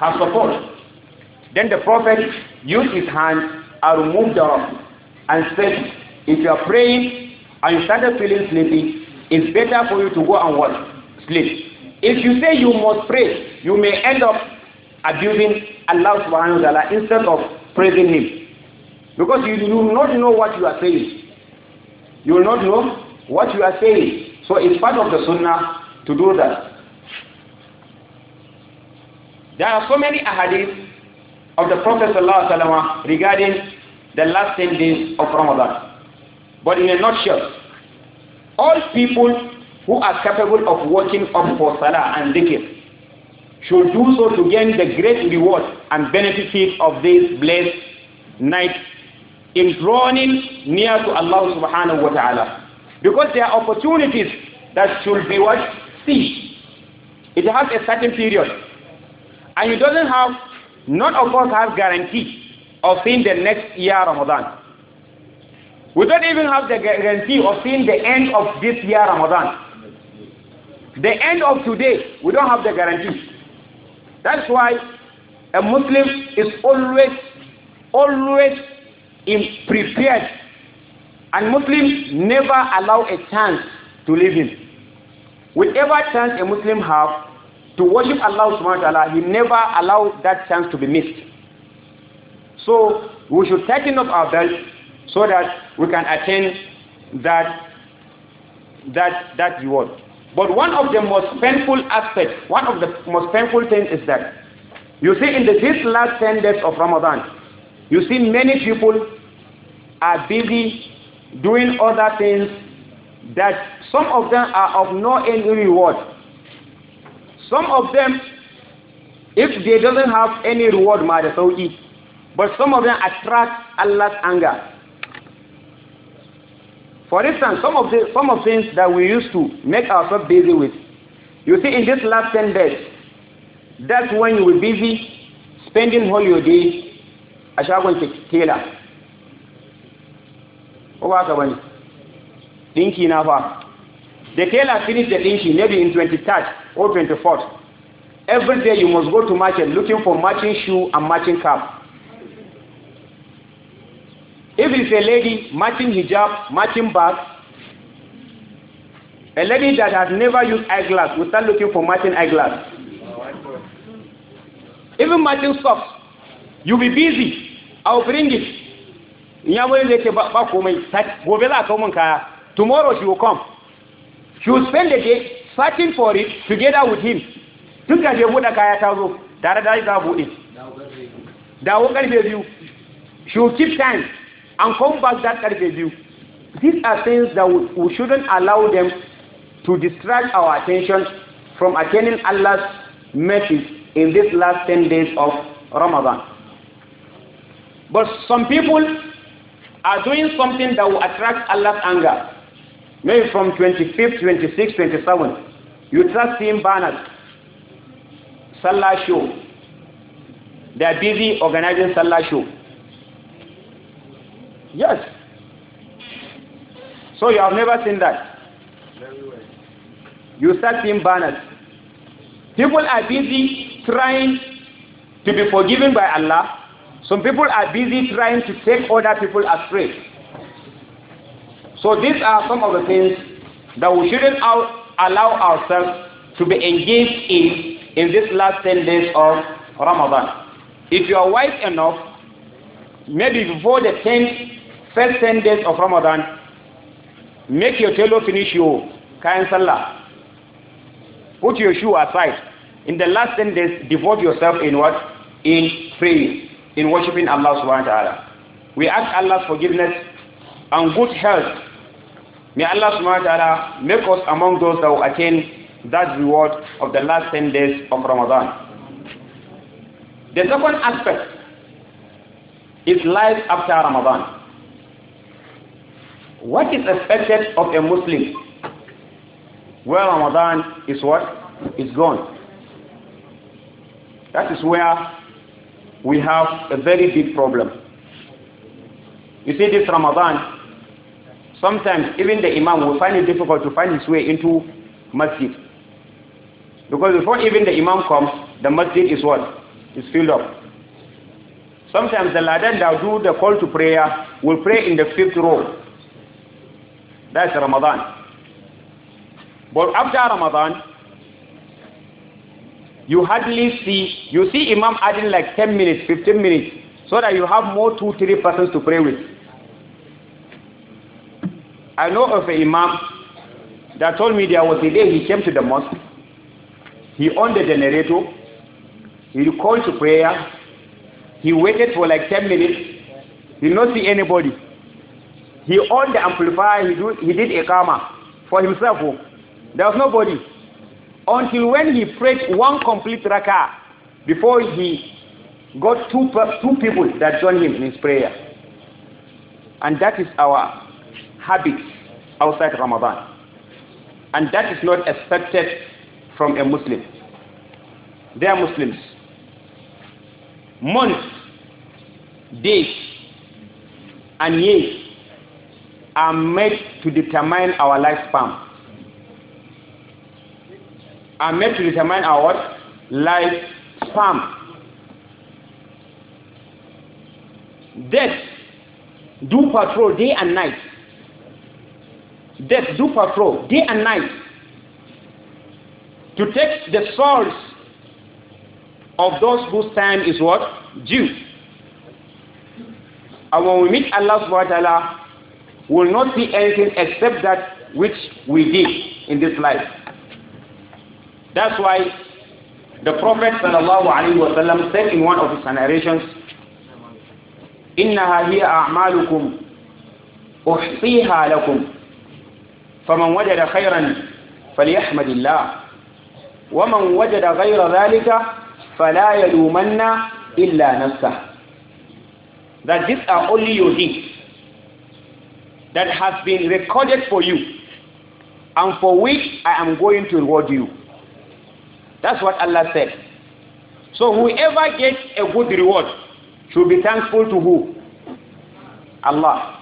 Her support. Then the prophet used his hand and removed the rope and said, if you are praying and you started feeling sleepy, it's better for you to go and what? Sleep. If you say you must pray, you may end up abusing Allah subhanahu wa ta'ala instead of praising Him. Because you, do not know what you are saying. You will not know what you are saying. So it's part of the sunnah to do that. There are so many ahadith of the Prophet ﷺ regarding the last 10 days of Ramadan. But in a nutshell, all people who are capable of working up for salah and dhikr should do so to gain the great reward and benefit of this blessed night in drawing near to Allah subhanahu wa ta'ala. Because there are opportunities that should be what? Seized. It has a certain period. And you doesn't have, none of us have guarantee of seeing the next year Ramadan. We don't even have the guarantee of seeing the end of this year Ramadan. The end of today, we don't have the guarantee. That's why a Muslim is always, always prepared. And Muslims never allow a chance to leave him. Whatever chance a Muslim have to worship Allah subhanahu wa ta'ala, he never allow that chance to be missed. So we should tighten up our belt so that we can attain that that that reward. But one of the most painful aspects, one of the most painful things is that you see in the, this last 10 days of Ramadan, you see many people are busy doing other things that some of them are of no any reward. Some of them, if they doesn't have any reward, But some of them attract Allah's anger. For instance, some of the some of things that we used to make ourselves busy with. You see, in this last ten days, that's when you were busy spending whole your day a shagon tela. What ba ka bane? Dinki na fa. The tailor finished the dinki maybe in 23rd or 24th. Every day you must go to market looking for matching shoe and matching cap. If it's a lady, matching hijab, matching bag, a lady that has never used eyeglass will start looking for matching eyeglass. Even matching socks, you'll be busy. I'll bring it. Nyawai zai ce ba komai, gobe za a kawo min kaya. Tomorrow she will come. She will spend the day searching for it together with him. Tun ka je buɗe kaya ta zo, tare da za a buɗe. Dawo karfe biyu. She will keep time and come back that karfe view. these are things that we, we shouldn't allow them to distract our attention from attaining Allah's message in these last 10 days of Ramadan. But some people are doing something that will attract Allah's anger. Maybe from 25th, 26th, 27th. You trust him banners, Salah show. They are busy organizing Salah show. Yes. So you have never seen that. You start seeing banners. People are busy trying to be forgiven by Allah. Some people are busy trying to take other people astray. So these are some of the things that we shouldn't allow ourselves to be engaged in in this last 10 days of Ramadan. If you are wise enough, maybe before the 10th first 10 days of Ramadan, make your tailor finish your kayan Salah. Put your shoe aside. In the last 10 days, devote yourself in what? In praying, in worshiping Allah subhanahu wa ta'ala. We ask Allah's forgiveness and good health. May Allah subhanahu wa ta'ala make us among those that will attain that reward of the last 10 days of Ramadan. The second aspect is life after Ramadan. What is expected of a Muslim where Ramadan is what? Is gone. That is where we have a very big problem. You see this Ramadan, sometimes even the Imam will find it difficult to find his way into masjid. Because before even the Imam comes, the masjid is what? Is filled up. Sometimes the Ladan that do the call to prayer will pray in the fifth row that's Ramadan. But after Ramadan, you hardly see, you see Imam adding like 10 minutes, 15 minutes, so that you have more two, three persons to pray with. I know of an Imam that told me there was a day he came to the mosque, he on the generator, he called to prayer, he waited for like 10 minutes, he did not see anybody. He owned the amplifier, he, do, he did a karma for himself. Oh. There was nobody. Until when he prayed one complete rakah before he got two, two people that joined him in his prayer. And that is our habit outside Ramadan. And that is not expected from a Muslim. They are Muslims. Months, days, and years are made to determine our lifespan. Are made to determine our Lifespan. Death do patrol day and night. Death do patrol day and night to take the souls of those whose time is what? Due. And when we meet Allah subhanahu wa ta'ala, will not see anything except that which we did in this life. That's why the Prophet وسلم, said in one of his narrations, إِنَّهَا هِيَ أَعْمَالُكُمْ أُحْصِيهَا لَكُمْ فَمَنْ وَجَدَ خَيْرًا فَلْيَحْمَدِ اللَّهِ وَمَنْ وَجَدَ غَيْرَ ذَلِكَ فَلَا يَلُومَنَّ إِلَّا نَفْسَهُ That these are only your deeds that has been recorded for you and for which I am going to reward you. That's what Allah said. So whoever gets a good reward should be thankful to who? Allah.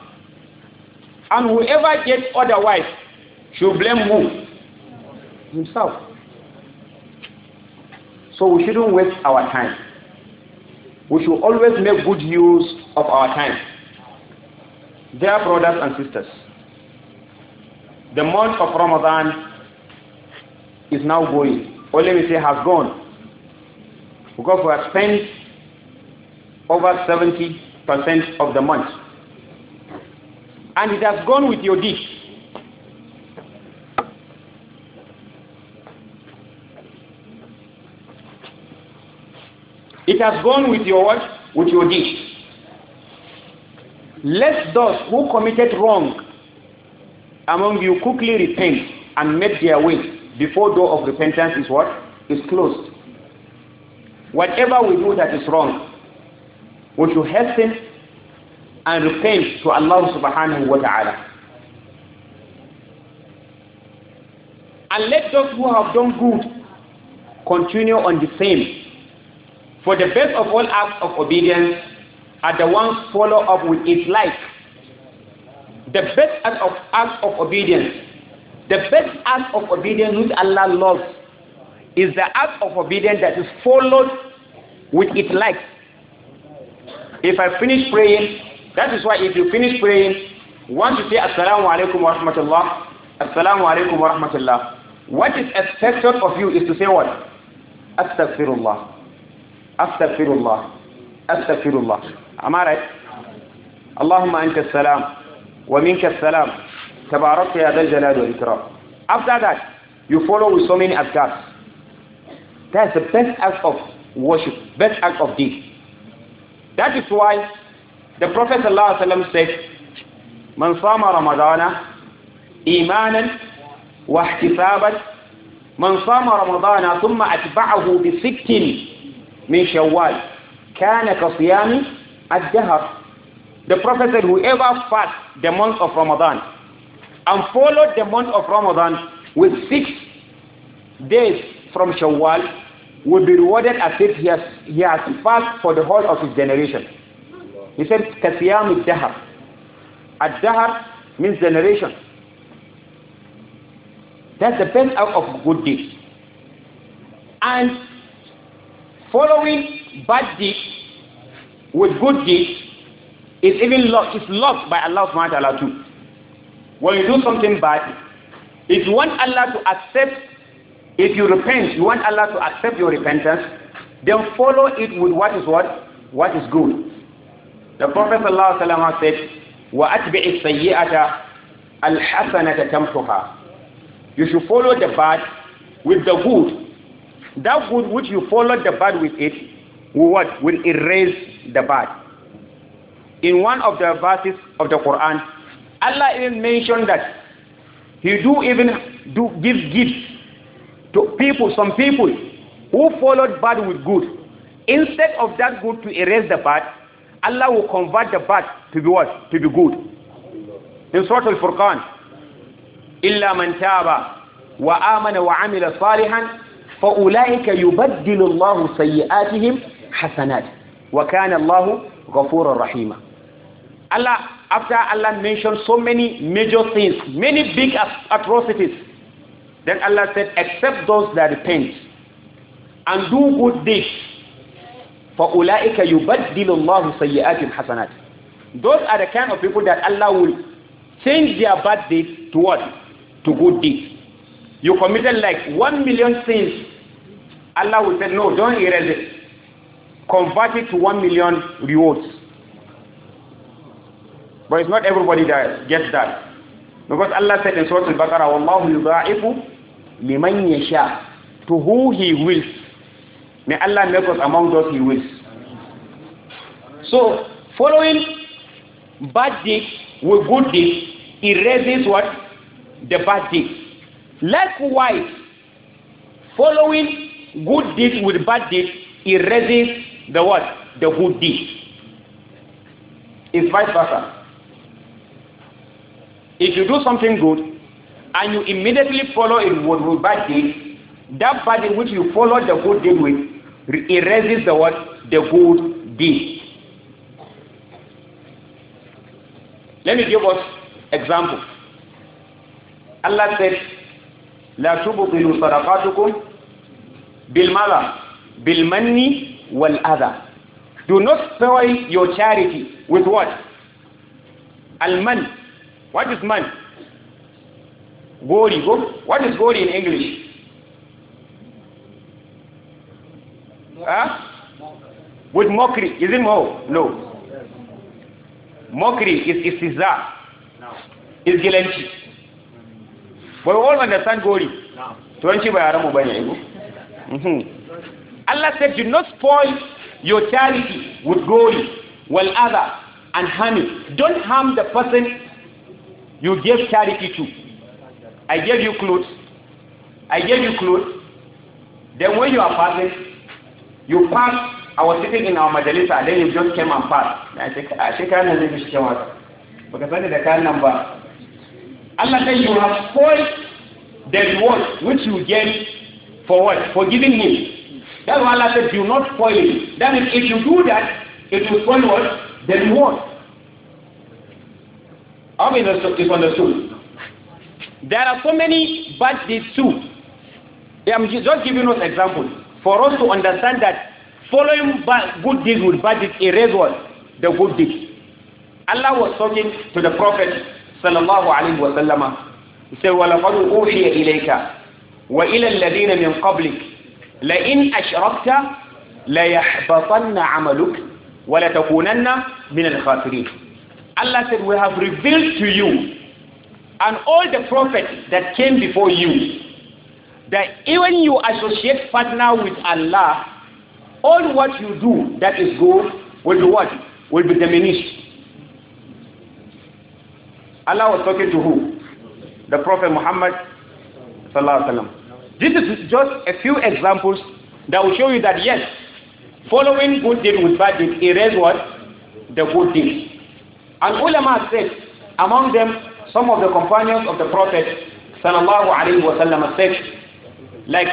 And whoever gets otherwise should blame who? Himself. So we shouldn't waste our time. We should always make good use of our time. Dear brothers and sisters, the month of Ramadan is now going, or let me say has gone, because we have spent over 70% of the month. And it has gone with your dish. It has gone with your what? With your dish. Let those who committed wrong among you quickly repent and make their way before door of repentance is what? Is closed. Whatever we do that is wrong, we should hasten and repent to Allah subhanahu wa ta'ala. And let those who have done good continue on the same for the best of all acts of obedience are the ones follow up with its like. The best act of, act of obedience, the best act of obedience which Allah loves, is the act of obedience that is followed with its like. If I finish praying, that is why if you finish praying, once you say Assalamu alaikum wa rahmatullah, Assalamu alaikum wa rahmatullah, what is expected of you is to say what? Astaghfirullah. Astaghfirullah. Astaghfirullah. أمارك اللهم أنت السلام ومنك السلام تبارك يا ذا الجلال والإكرام After that, you follow with so many adhkars. That's the best act of worship, best act of deed. That is why the Prophet صلى الله عليه وسلم said, من صام رمضان إيمانا واحتسابا من صام رمضان ثم أتبعه بست من شوال كان كصيام at Dahab, the Prophet said, whoever fasts the month of Ramadan and followed the month of Ramadan with six days from Shawwal will be rewarded as if he has, he has fasted for the whole of his generation. He said, Kasiyam al-Dahab. Al-Dahab means generation. That's the best out of good deeds. And following bad deeds with good deeds is even loved, is loved by Allah subhanahu wa ta'ala too. When you do something bad, if you want Allah to accept, if you repent, you want Allah to accept your repentance, then follow it with what is what? What is good. The Prophet ﷺ said, وَأَتْبِعِ السَّيِّئَةَ الْحَسَنَةَ تَمْحُهَا You should follow the bad with the good. That good which you follow the bad with it, will what? Will erase the bad. In one of the verses of the Quran, Allah even mentioned that He do even do give gifts to people, some people who followed bad with good. Instead of that good to erase the bad, Allah will convert the bad to be what? To be good. In Surah Al-Furqan, إِلَّا مَنْ تَابَ وَآمَنَ وَعَمِلَ صَالِحًا فَأُولَٰئِكَ يُبَدِّلُ اللَّهُ سَيِّئَاتِهِمْ hasanat wa kana Allahu ghafurur rahima Allah after Allah mentioned so many major things many big atrocities then Allah said accept those that repent and do good deeds فَأُولَٰئِكَ يُبَدِّلُ اللَّهُ سَيِّئَاتِهِمْ hasanat. Those are the kind of people that Allah will change their bad deeds to what? To good deeds. You committed like one million sins. Allah will say, no, don't erase it. converted to one million rewards. But it's not everybody that gets that. Because Allah said in Surah Al-Baqarah, وَاللَّهُ يُضَاعِفُ لِمَنْ يَشَاءُ To who He wills. May Allah make us among those He wills. So, following bad deeds with good deeds erases what? The bad deeds. Likewise, following good deeds with bad deeds erases the what? The good deed. is vice versa. If you do something good and you immediately follow it with bad deed, that bad deed which you follow the good deed with erases the what? The good deed. Let me give us example. Allah said, "La لا تبطلوا صدقاتكم بالمال بالمن wal other. Do not spoil your charity with what? Al-man. What is man? Gori. What is gori in English? Huh? With mockery. Is it more? No. Mockery is istiza. Is gilanci. But we all understand gori. Tuwanci bai haramu bane. Eh? Mhm. Allah said, do not spoil your charity with gold, well other, and honey. Don't harm the person you gave charity to. I gave you clothes. I gave you clothes. Then when you are passing, you pass. I was sitting in our majalisa, then you just came and passed. I said, I said, I said, I because because need the card number. Allah said you have spoiled the reward which you get for what? For giving him. That's why Allah said, do not spoil it. That is, if you do that, it will spoil what? The reward. How many is understood? There are so many bad deeds too. I'm just giving us example For us to understand that following bad, good deeds with bad deeds erase what? The good deeds. Allah was talking to the Prophet sallallahu alaihi wasallam. He said, وَلَقَدْ أُوحِيَ إِلَيْكَ وَإِلَى الَّذِينَ مِنْ قَبْلِكَ لئن أشركت ليحبطن عملك ولتكونن من الخاسرين Allah said we have revealed to you and all the prophets that came before you that even you associate partner with Allah all what you do that is good will be what? Will be diminished. Allah was talking to who? The Prophet Muhammad sallallahu alaihi wasallam. This is just a few examples that will show you that yes, following good deeds with bad deeds erases what? The good deeds. And ulama said, among them, some of the companions of the Prophet sallallahu alayhi wa sallam said, like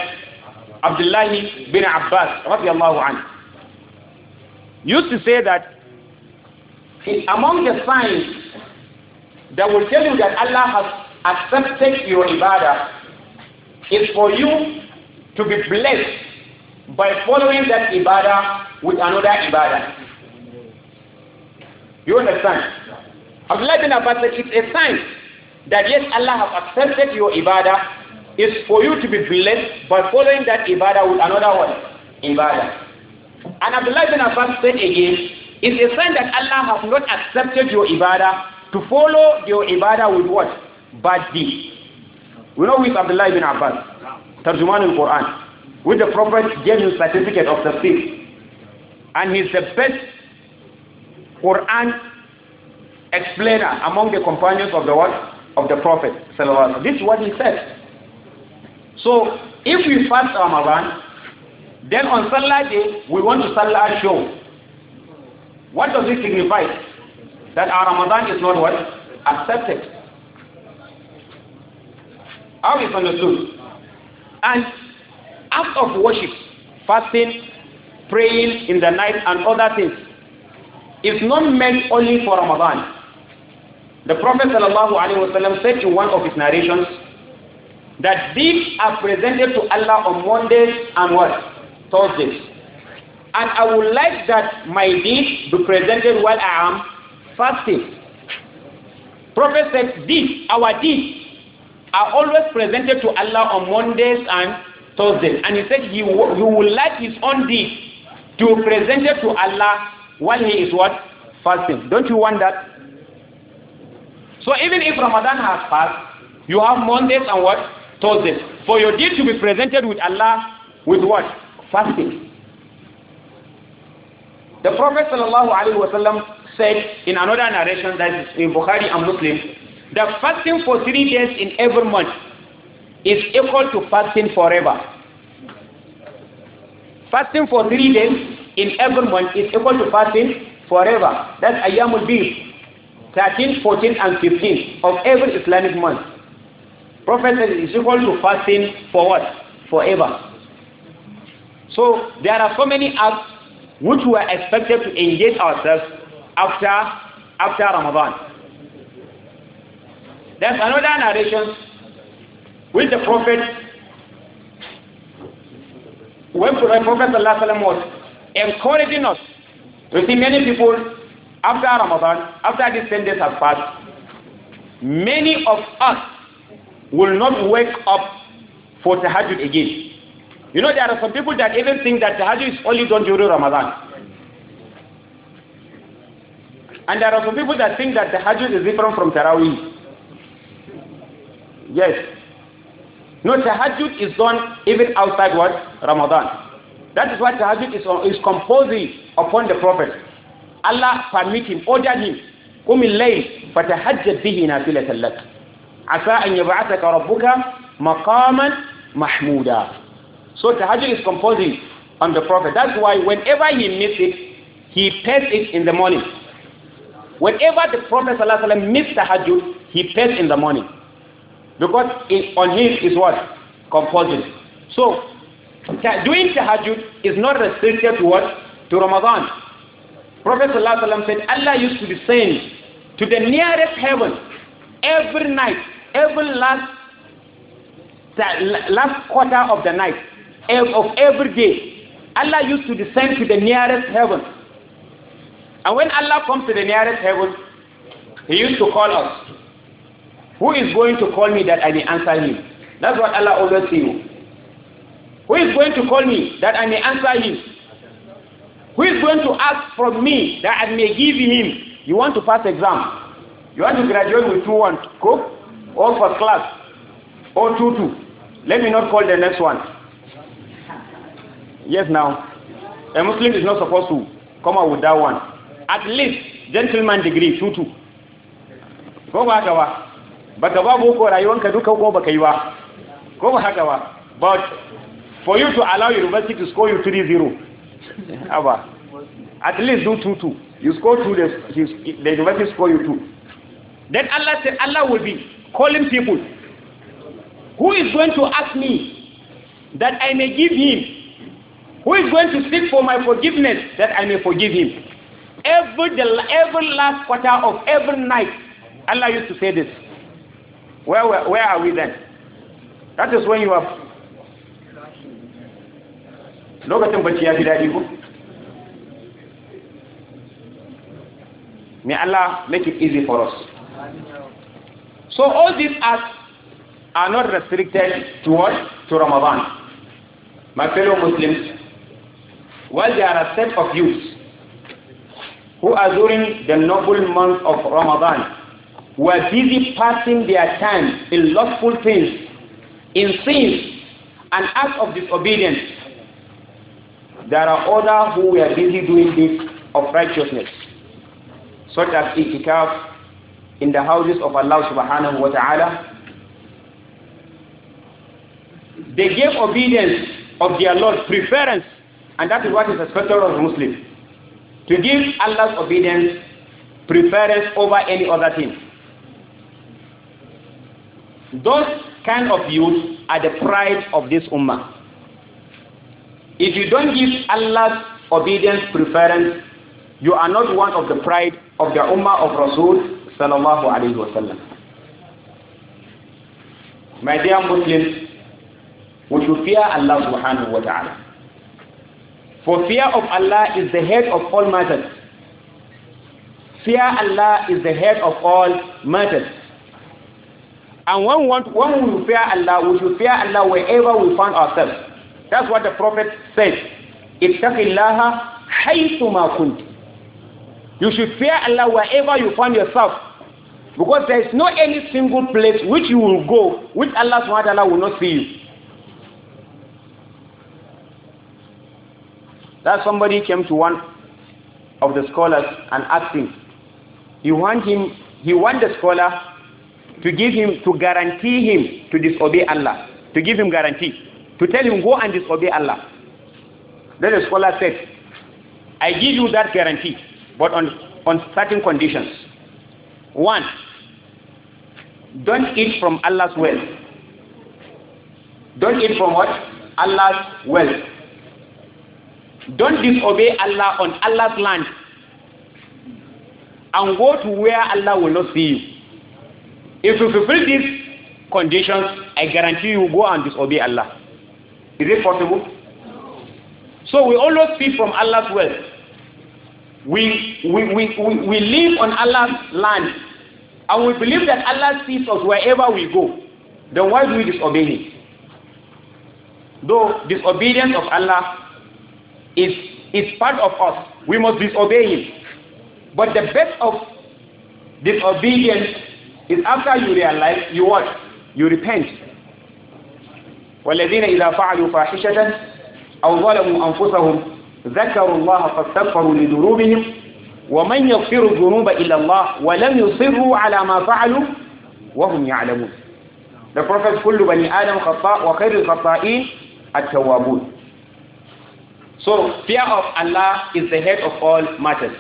Abdullah bin Abbas radiallahu anhu, used to say that among the signs that will tell you that Allah has accepted your ibadah is for you to be blessed by following that ibadah with another ibadah. You understand? Abdullah bin Abbas said it's a sign that yes, Allah has accepted your ibadah It's for you to be blessed by following that ibadah with another one, ibadah. And Abdullah bin Abbas said again, it's a sign that Allah has not accepted your ibadah to follow your ibadah with what? Bad deeds we have not with Abdullah ibn Abbas, Tarjuman al-Quran, with the Prophet gave him certificate of the faith. And he's the best Quran explainer among the companions of the world of the Prophet. This is what he said. So if we fast Ramadan, then on Salah day we want to Salah show. What does it signify? That our Ramadan is not what? Accepted. How is understood? And acts of worship, fasting, praying in the night, and other things, is not meant only for Ramadan. The Prophet ﷺ said in one of his narrations that these are presented to Allah on Mondays and what? Thursdays. And I would like that my deeds be presented while I am fasting. Prophet said, "These, our deeds, I always presented to Allah on Mondays and Thursdays. And he said he, he will like his own deed to present it to Allah while he is what? Fasting. Don't you want that? So even if Ramadan has passed, you have Mondays and what? Thursdays. For your deed to be presented with Allah with what? Fasting. The Prophet ﷺ said in another narration that is in Bukhari and Muslim, that fasting for three days in every month is equal to fasting forever. Fasting for three days in every month is equal to fasting forever. That's Ayyamul Bid, 13, 14, and 15 of every Islamic month. Prophet says it is equal to fasting for what? Forever. So there are so many acts which we are expected to engage ourselves after after Ramadan. There's another narration with the Prophet. When the Prophet was encouraging us, you see many people after Ramadan, after these 10 days have passed, many of us will not wake up for tahajjud again. You know, there are some people that even think that tahajjud is only done during Ramadan. And there are some people that think that tahajjud is different from tarawih. Yes. No, tahajjud is done even outside what? Ramadan. That is why tahajjud is, uh, is composing upon the Prophet. Allah permit him, ordered him, قم الليل فتهجد به نافلة لك عسى أن يبعثك ربك مقاما محمودا So tahajjud is composing on the Prophet. That's why whenever he missed it, he pays it in the morning. Whenever the Prophet ﷺ missed tahajjud, he pays in the morning. Because in, on him is what? Compulsion. So, doing tahajjud is not restricted to what? To Ramadan. Prophet ﷺ said, Allah used to descend to the nearest heaven every night, every last, last quarter of the night, of every day. Allah used to descend to the nearest heaven. And when Allah comes to the nearest heaven, He used to call us. Who is going to call me that I may answer him? That's what Allah always says. Who is going to call me that I may answer him? Who is going to ask from me that I may give him? You want to pass exam? You want to graduate with 2 1 cook? All first class? All two two. Let me not call the next one. Yes, now. A Muslim is not supposed to come out with that one. At least, gentleman degree two two. Go back, over. baka ba boko rayuwanka duka ko baka yi ba ko ba haka ba but for you to allow university to score you 3-0 aba at least do 2-2 you score 2 the, the university score you 2 then Allah said Allah will be calling people who is going to ask me that I may give him who is going to seek for my forgiveness that I may forgive him every, every last quarter of every night Allah used to say this Where, where, where are we then? That is when you are lokacin bacci ya fi daɗi ko? May Allah make it easy for us. So all these acts are not restricted to what? To Ramadan. My fellow Muslims, while there are a set of youths who are during the noble month of Ramadan, were busy passing their time in lustful things, in sins, and acts of disobedience. There are others who were busy doing deeds of righteousness, such as itikaf in the houses of Allah subhanahu wa ta'ala. They gave obedience of their Lord preference, and that is what is expected of Muslims. To give Allah's obedience preference over any other thing. Those kind of youth are the pride of this ummah. If you don't give Allah's obedience preference, you are not one of the pride of the ummah of Rasul sallallahu alayhi wasallam. My dear Muslims, we should fear Allah subhanahu wa ta'ala. For fear of Allah is the head of all matters. Fear Allah is the head of all matters. And when we, want, when we fear Allah, we should fear Allah wherever we find ourselves. That's what the Prophet said. اتق الله حيثما كنت. You should fear Allah wherever you find yourself. Because there is no any single place which you will go which Allah SWT will not see you. That somebody came to one of the scholars and asked him. He want him he want the scholar to give him, to guarantee him to disobey Allah, to give him guarantee, to tell him go and disobey Allah. Then the scholar said, I give you that guarantee, but on, on certain conditions. One, don't eat from Allah's well. Don't eat from what? Allah's well. Don't disobey Allah on Allah's land and go to where Allah will not see you. If you fulfill these conditions, I guarantee you go and disobey Allah. Is it possible? So we always feed from Allah's wealth. We, we, we, we, we live on Allah's land. And we believe that Allah sees us wherever we go. Then why do we disobey Him? Though disobedience of Allah is, is part of us, we must disobey Him. But the best of disobedience It's after you realize, you what? You repent. والذين إذا فعلوا فاحشة أو ظلموا أنفسهم ذكروا الله فاستغفروا لذنوبهم ومن يغفر الذنوب إلا الله ولم يصروا على ما فعلوا وهم يعلمون The Prophet كل بني آدم خطاء وخير الخطائين التوابون So fear of Allah is the head of all matters.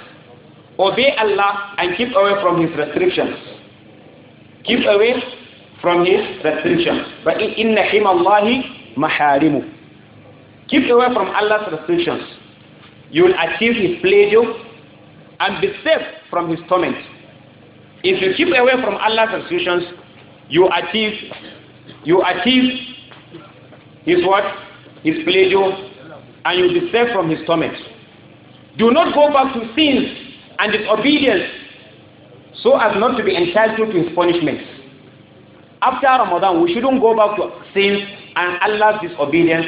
Obey Allah and keep away from His restrictions keep away from his restrictions. But inna him maharimu. Keep away from Allah's restrictions. You will achieve his pleasure and be safe from his torment. If you keep away from Allah's restrictions, you achieve you achieve his what? His pleasure and you'll be safe from his torment. Do not go back to sins and disobedience so as not to be entitled to his punishment. After Ramadan, we shouldn't go back to sins and Allah's disobedience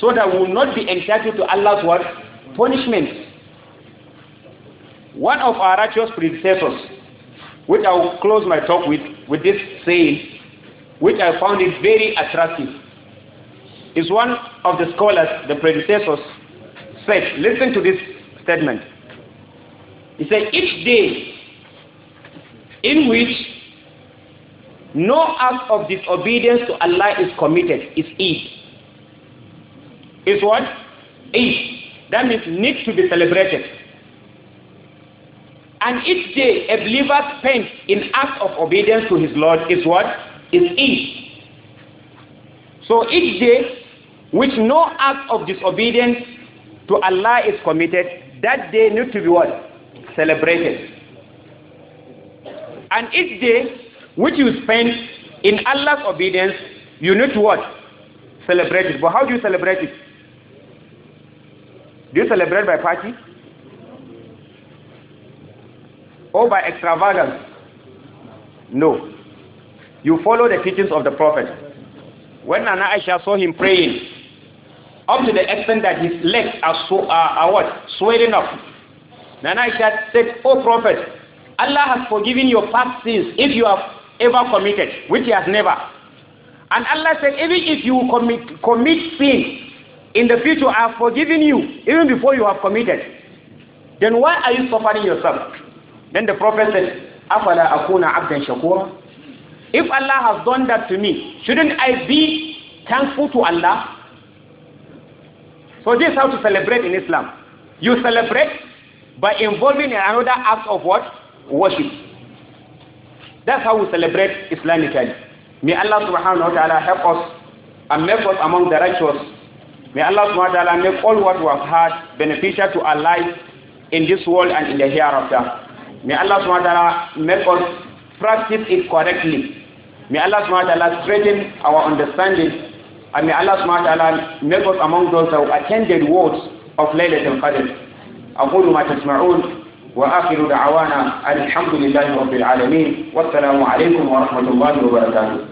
so that we will not be entitled to Allah's what? Punishment. One of our righteous predecessors, which I will close my talk with, with this saying, which I found it very attractive, is one of the scholars, the predecessors, said, listen to this statement. He said, each day in which no act of disobedience to Allah is committed is Eid. Is what? Eid. That means need to be celebrated. And each day a believer spends in act of obedience to his Lord is what? Is Eid. So each day which no act of disobedience to Allah is committed, that day needs to be what? Celebrated. And each day which you spend in Allah's obedience, you need to what? Celebrate it. But how do you celebrate it? Do you celebrate by party? Or by extravagance? No. You follow the teachings of the Prophet. When Nana Aisha saw him praying, up to the extent that his legs are, so, uh, are what? swelling up, Nana Aisha said, Oh Prophet, Allah has forgiven your past sins if you have ever committed, which He has never. And Allah said, even if you commit, commit sin in the future, I have forgiven you, even before you have committed. Then why are you suffering yourself? Then the Prophet said, If Allah has done that to me, shouldn't I be thankful to Allah? So this is how to celebrate in Islam. You celebrate by involving another act of what? worship. That's how we celebrate Islamically. May Allah subhanahu wa ta'ala help us and make us among the righteous. May Allah subhanahu wa ta'ala make all what we have heard beneficial to our life in this world and in the hereafter. May Allah subhanahu wa ta'ala make us practice it correctly. May Allah subhanahu wa ta'ala strengthen our understanding and may Allah subhanahu wa ta'ala make us among those who attended words of Laylatul Qadr. أقول ما تسمعون وآخر دعوانا الحمد لله رب العالمين والسلام عليكم ورحمة الله وبركاته